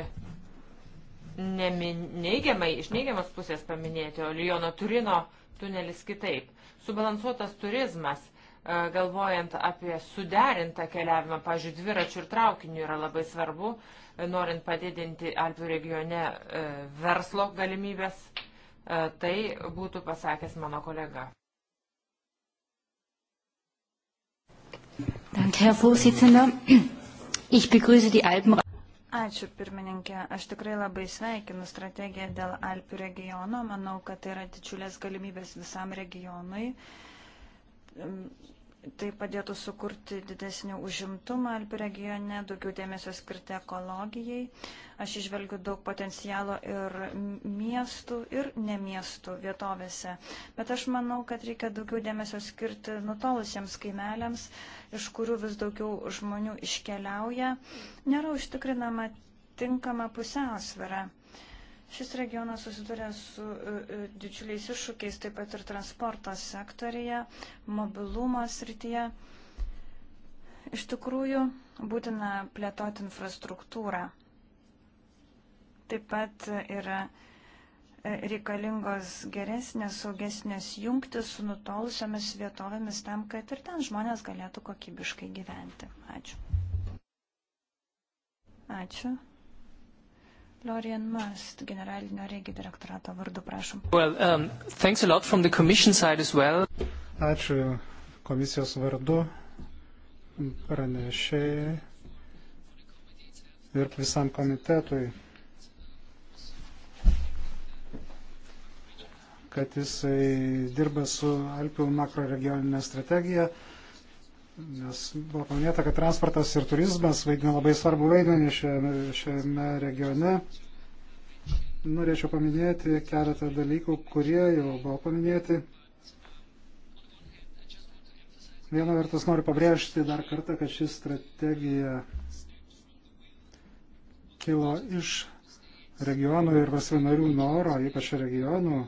neigiamai, iš neigiamos pusės paminėti, o Lyono Turino tunelis kitaip. Subalansuotas turizmas, e, galvojant apie suderintą keliavimą, pažiūrėjau, dviračių ir traukinių yra labai svarbu, e, norint padidinti Alpių regione e, verslo galimybės, tai būtų pasakęs mano kolega. Danke, Herr Vorsitzender. Ich begrüße die Alpen. Ačiū pirmininkė. Aš tikrai labai sveikinu strategiją dėl Alpių regiono. Manau, kad tai yra didžiulės galimybės visam regionui. Tai padėtų sukurti didesnį užimtumą Alpių regione, daugiau dėmesio skirti ekologijai. Aš išvelgiu daug potencialo ir miestų, ir ne miestų vietovėse. Bet aš manau, kad reikia daugiau dėmesio skirti nutolusiems kaimeliams, iš kurių vis daugiau žmonių iškeliauja. Nėra užtikrinama tinkama pusiausvėra. Šis regionas susiduria su e, e, didžiuliais iššūkiais, taip pat ir transporto sektorija, mobilumo srityje. Iš tikrųjų, būtina plėtoti infrastruktūrą. Taip pat yra e, reikalingos geresnės, saugesnės jungtis su nutolusiamis vietovėmis tam, kad ir ten žmonės galėtų kokybiškai gyventi. Ačiū. Ačiū. Florian Must, generalinio regio direktorato vardu, prašom. Well, um, thanks a lot from the commission side as well. Ačiū komisijos vardu pranešėjai ir visam komitetui, kad jisai dirba su Alpių makroregioninė strategija nes buvo paminėta, kad transportas ir turizmas vaidina labai svarbu vaidmenį šiame, šiame regione. Norėčiau paminėti keletą dalykų, kurie jau buvo paminėti. Viena vertus noriu pabrėžti dar kartą, kad ši strategija kilo iš regionų ir vasvinarių noro, ypač regionų,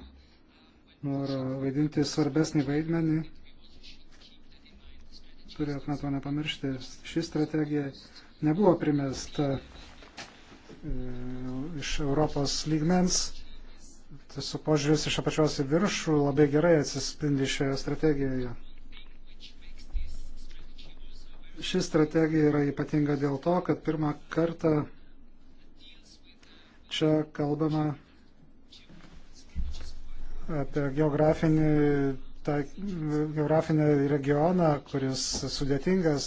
noro vaidinti svarbesnį vaidmenį turėtume to nepamiršti. Ši strategija nebuvo primesta e, iš Europos lygmens. Tiesiog požiūris iš apačios į viršų labai gerai atsispindi šioje strategijoje. Ši strategija yra ypatinga dėl to, kad pirmą kartą čia kalbama apie geografinį tą geografinį regioną, kuris sudėtingas,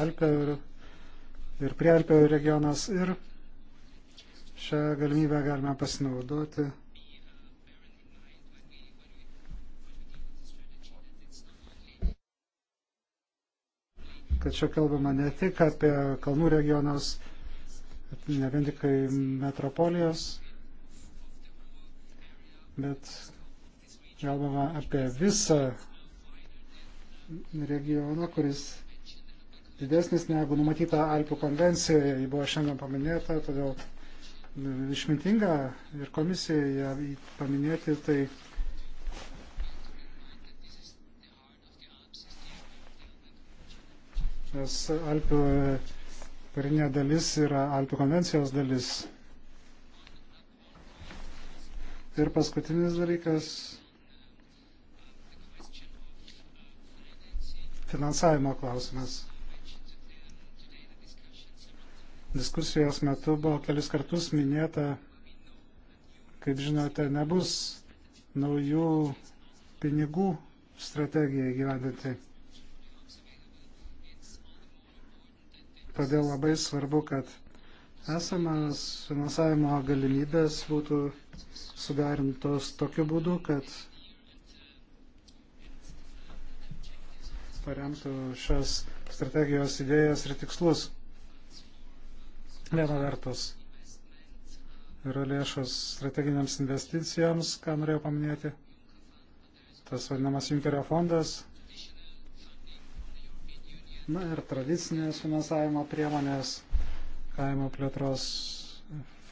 Alpė ir, ir Prialpė regionas. Ir šią galimybę galime pasinaudoti. kad čia kalbama ne tik apie kalnų regionus, ne vien tik metropolijos, bet kalbama apie visą regioną, kuris didesnis negu numatyta Alpių konvencijoje, ji buvo šiandien paminėta, todėl mm, išmintinga ir komisijoje paminėti tai. Nes Alpių karinė dalis yra Alpių konvencijos dalis. Ir paskutinis dalykas finansavimo klausimas. Diskusijos metu buvo kelis kartus minėta, kaip žinote, nebus naujų pinigų strategijai gyvendinti. Todėl labai svarbu, kad esamas finansavimo galimybės būtų sudarintos tokiu būdu, kad paremtų šias strategijos idėjas ir tikslus. Viena vertus yra lėšos strateginiams investicijams, ką norėjau paminėti. Tas vadinamas Junkerio fondas. Na ir tradicinės finansavimo priemonės, kaimo plėtros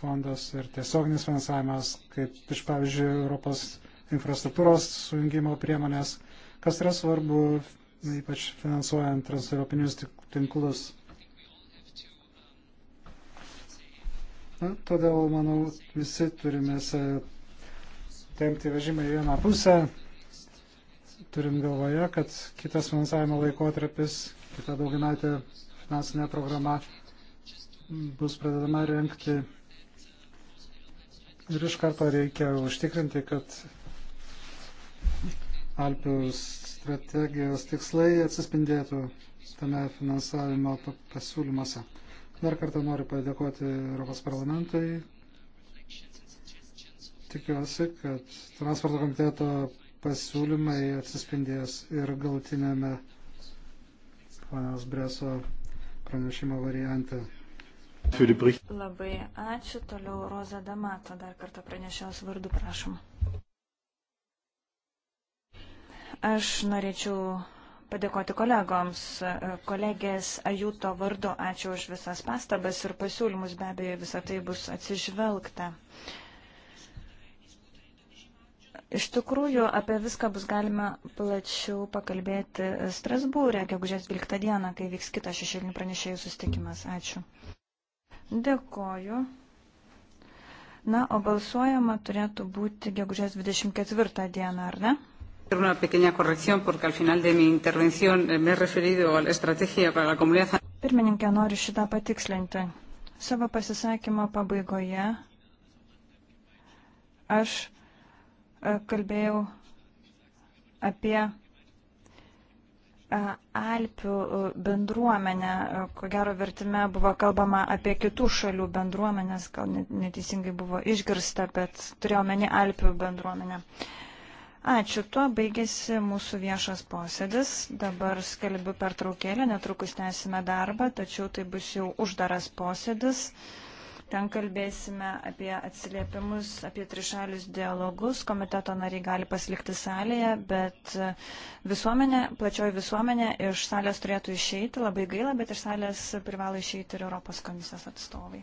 fondas ir tiesioginis finansavimas, kaip iš pavyzdžiui Europos infrastruktūros sujungimo priemonės, kas yra svarbu ypač finansuojant transeuropinius tinklus. Na, todėl, manau, visi turime tempti vežimą į vieną pusę, turint galvoje, kad kitas finansavimo laikotarpis, kita dauginatė finansinė programa bus pradedama renkti ir iš karto reikia užtikrinti, kad Alpius strategijos tikslai atsispindėtų tame finansavimo pasiūlymuose. Dar kartą noriu padėkoti Europos parlamentui. Tikiuosi, kad transporto komiteto pasiūlymai atsispindės ir gautinėme ponios Breso pranešimo variante. Labai ačiū. Toliau Roza Damato dar kartą pranešiaus vardu, prašom. Aš norėčiau padėkoti kolegoms, e, kolegės Ajuto vardu. Ačiū už visas pastabas ir pasiūlymus, be abejo, visą tai bus atsižvelgta. Iš tikrųjų, apie viską bus galima plačiau pakalbėti Strasbūrė, gegužės 12 dieną, kai vyks kitas šešėlinių pranešėjų sustikimas. Ačiū. Dėkoju. Na, o balsuojama turėtų būti gegužės 24 dieną, ar ne? Una pequeña corrección, porque al final de mi intervención eh, me he referido a la estrategia para la comunidad. Pirmininkė, noriu šitą patikslinti. Savo pasisakymo pabaigoje aš e, kalbėjau apie e, Alpių e, bendruomenę. Ko gero vertime buvo kalbama apie kitų šalių bendruomenės, gal neteisingai buvo išgirsta, bet turėjau meni Alpių bendruomenę. Uh, Ačiū, tuo baigėsi mūsų viešas posėdis. Dabar skelbiu pertraukėlę, netrukus tęsime darbą, tačiau tai bus jau uždaras posėdis. Ten kalbėsime apie atsiliepimus, apie trišalius dialogus. Komiteto nariai gali pasilikti salėje, bet e, visuomenė, plačioji visuomenė iš salės turėtų išeiti. Labai gaila, bet iš salės privalo išeiti ir Europos komisijos atstovai.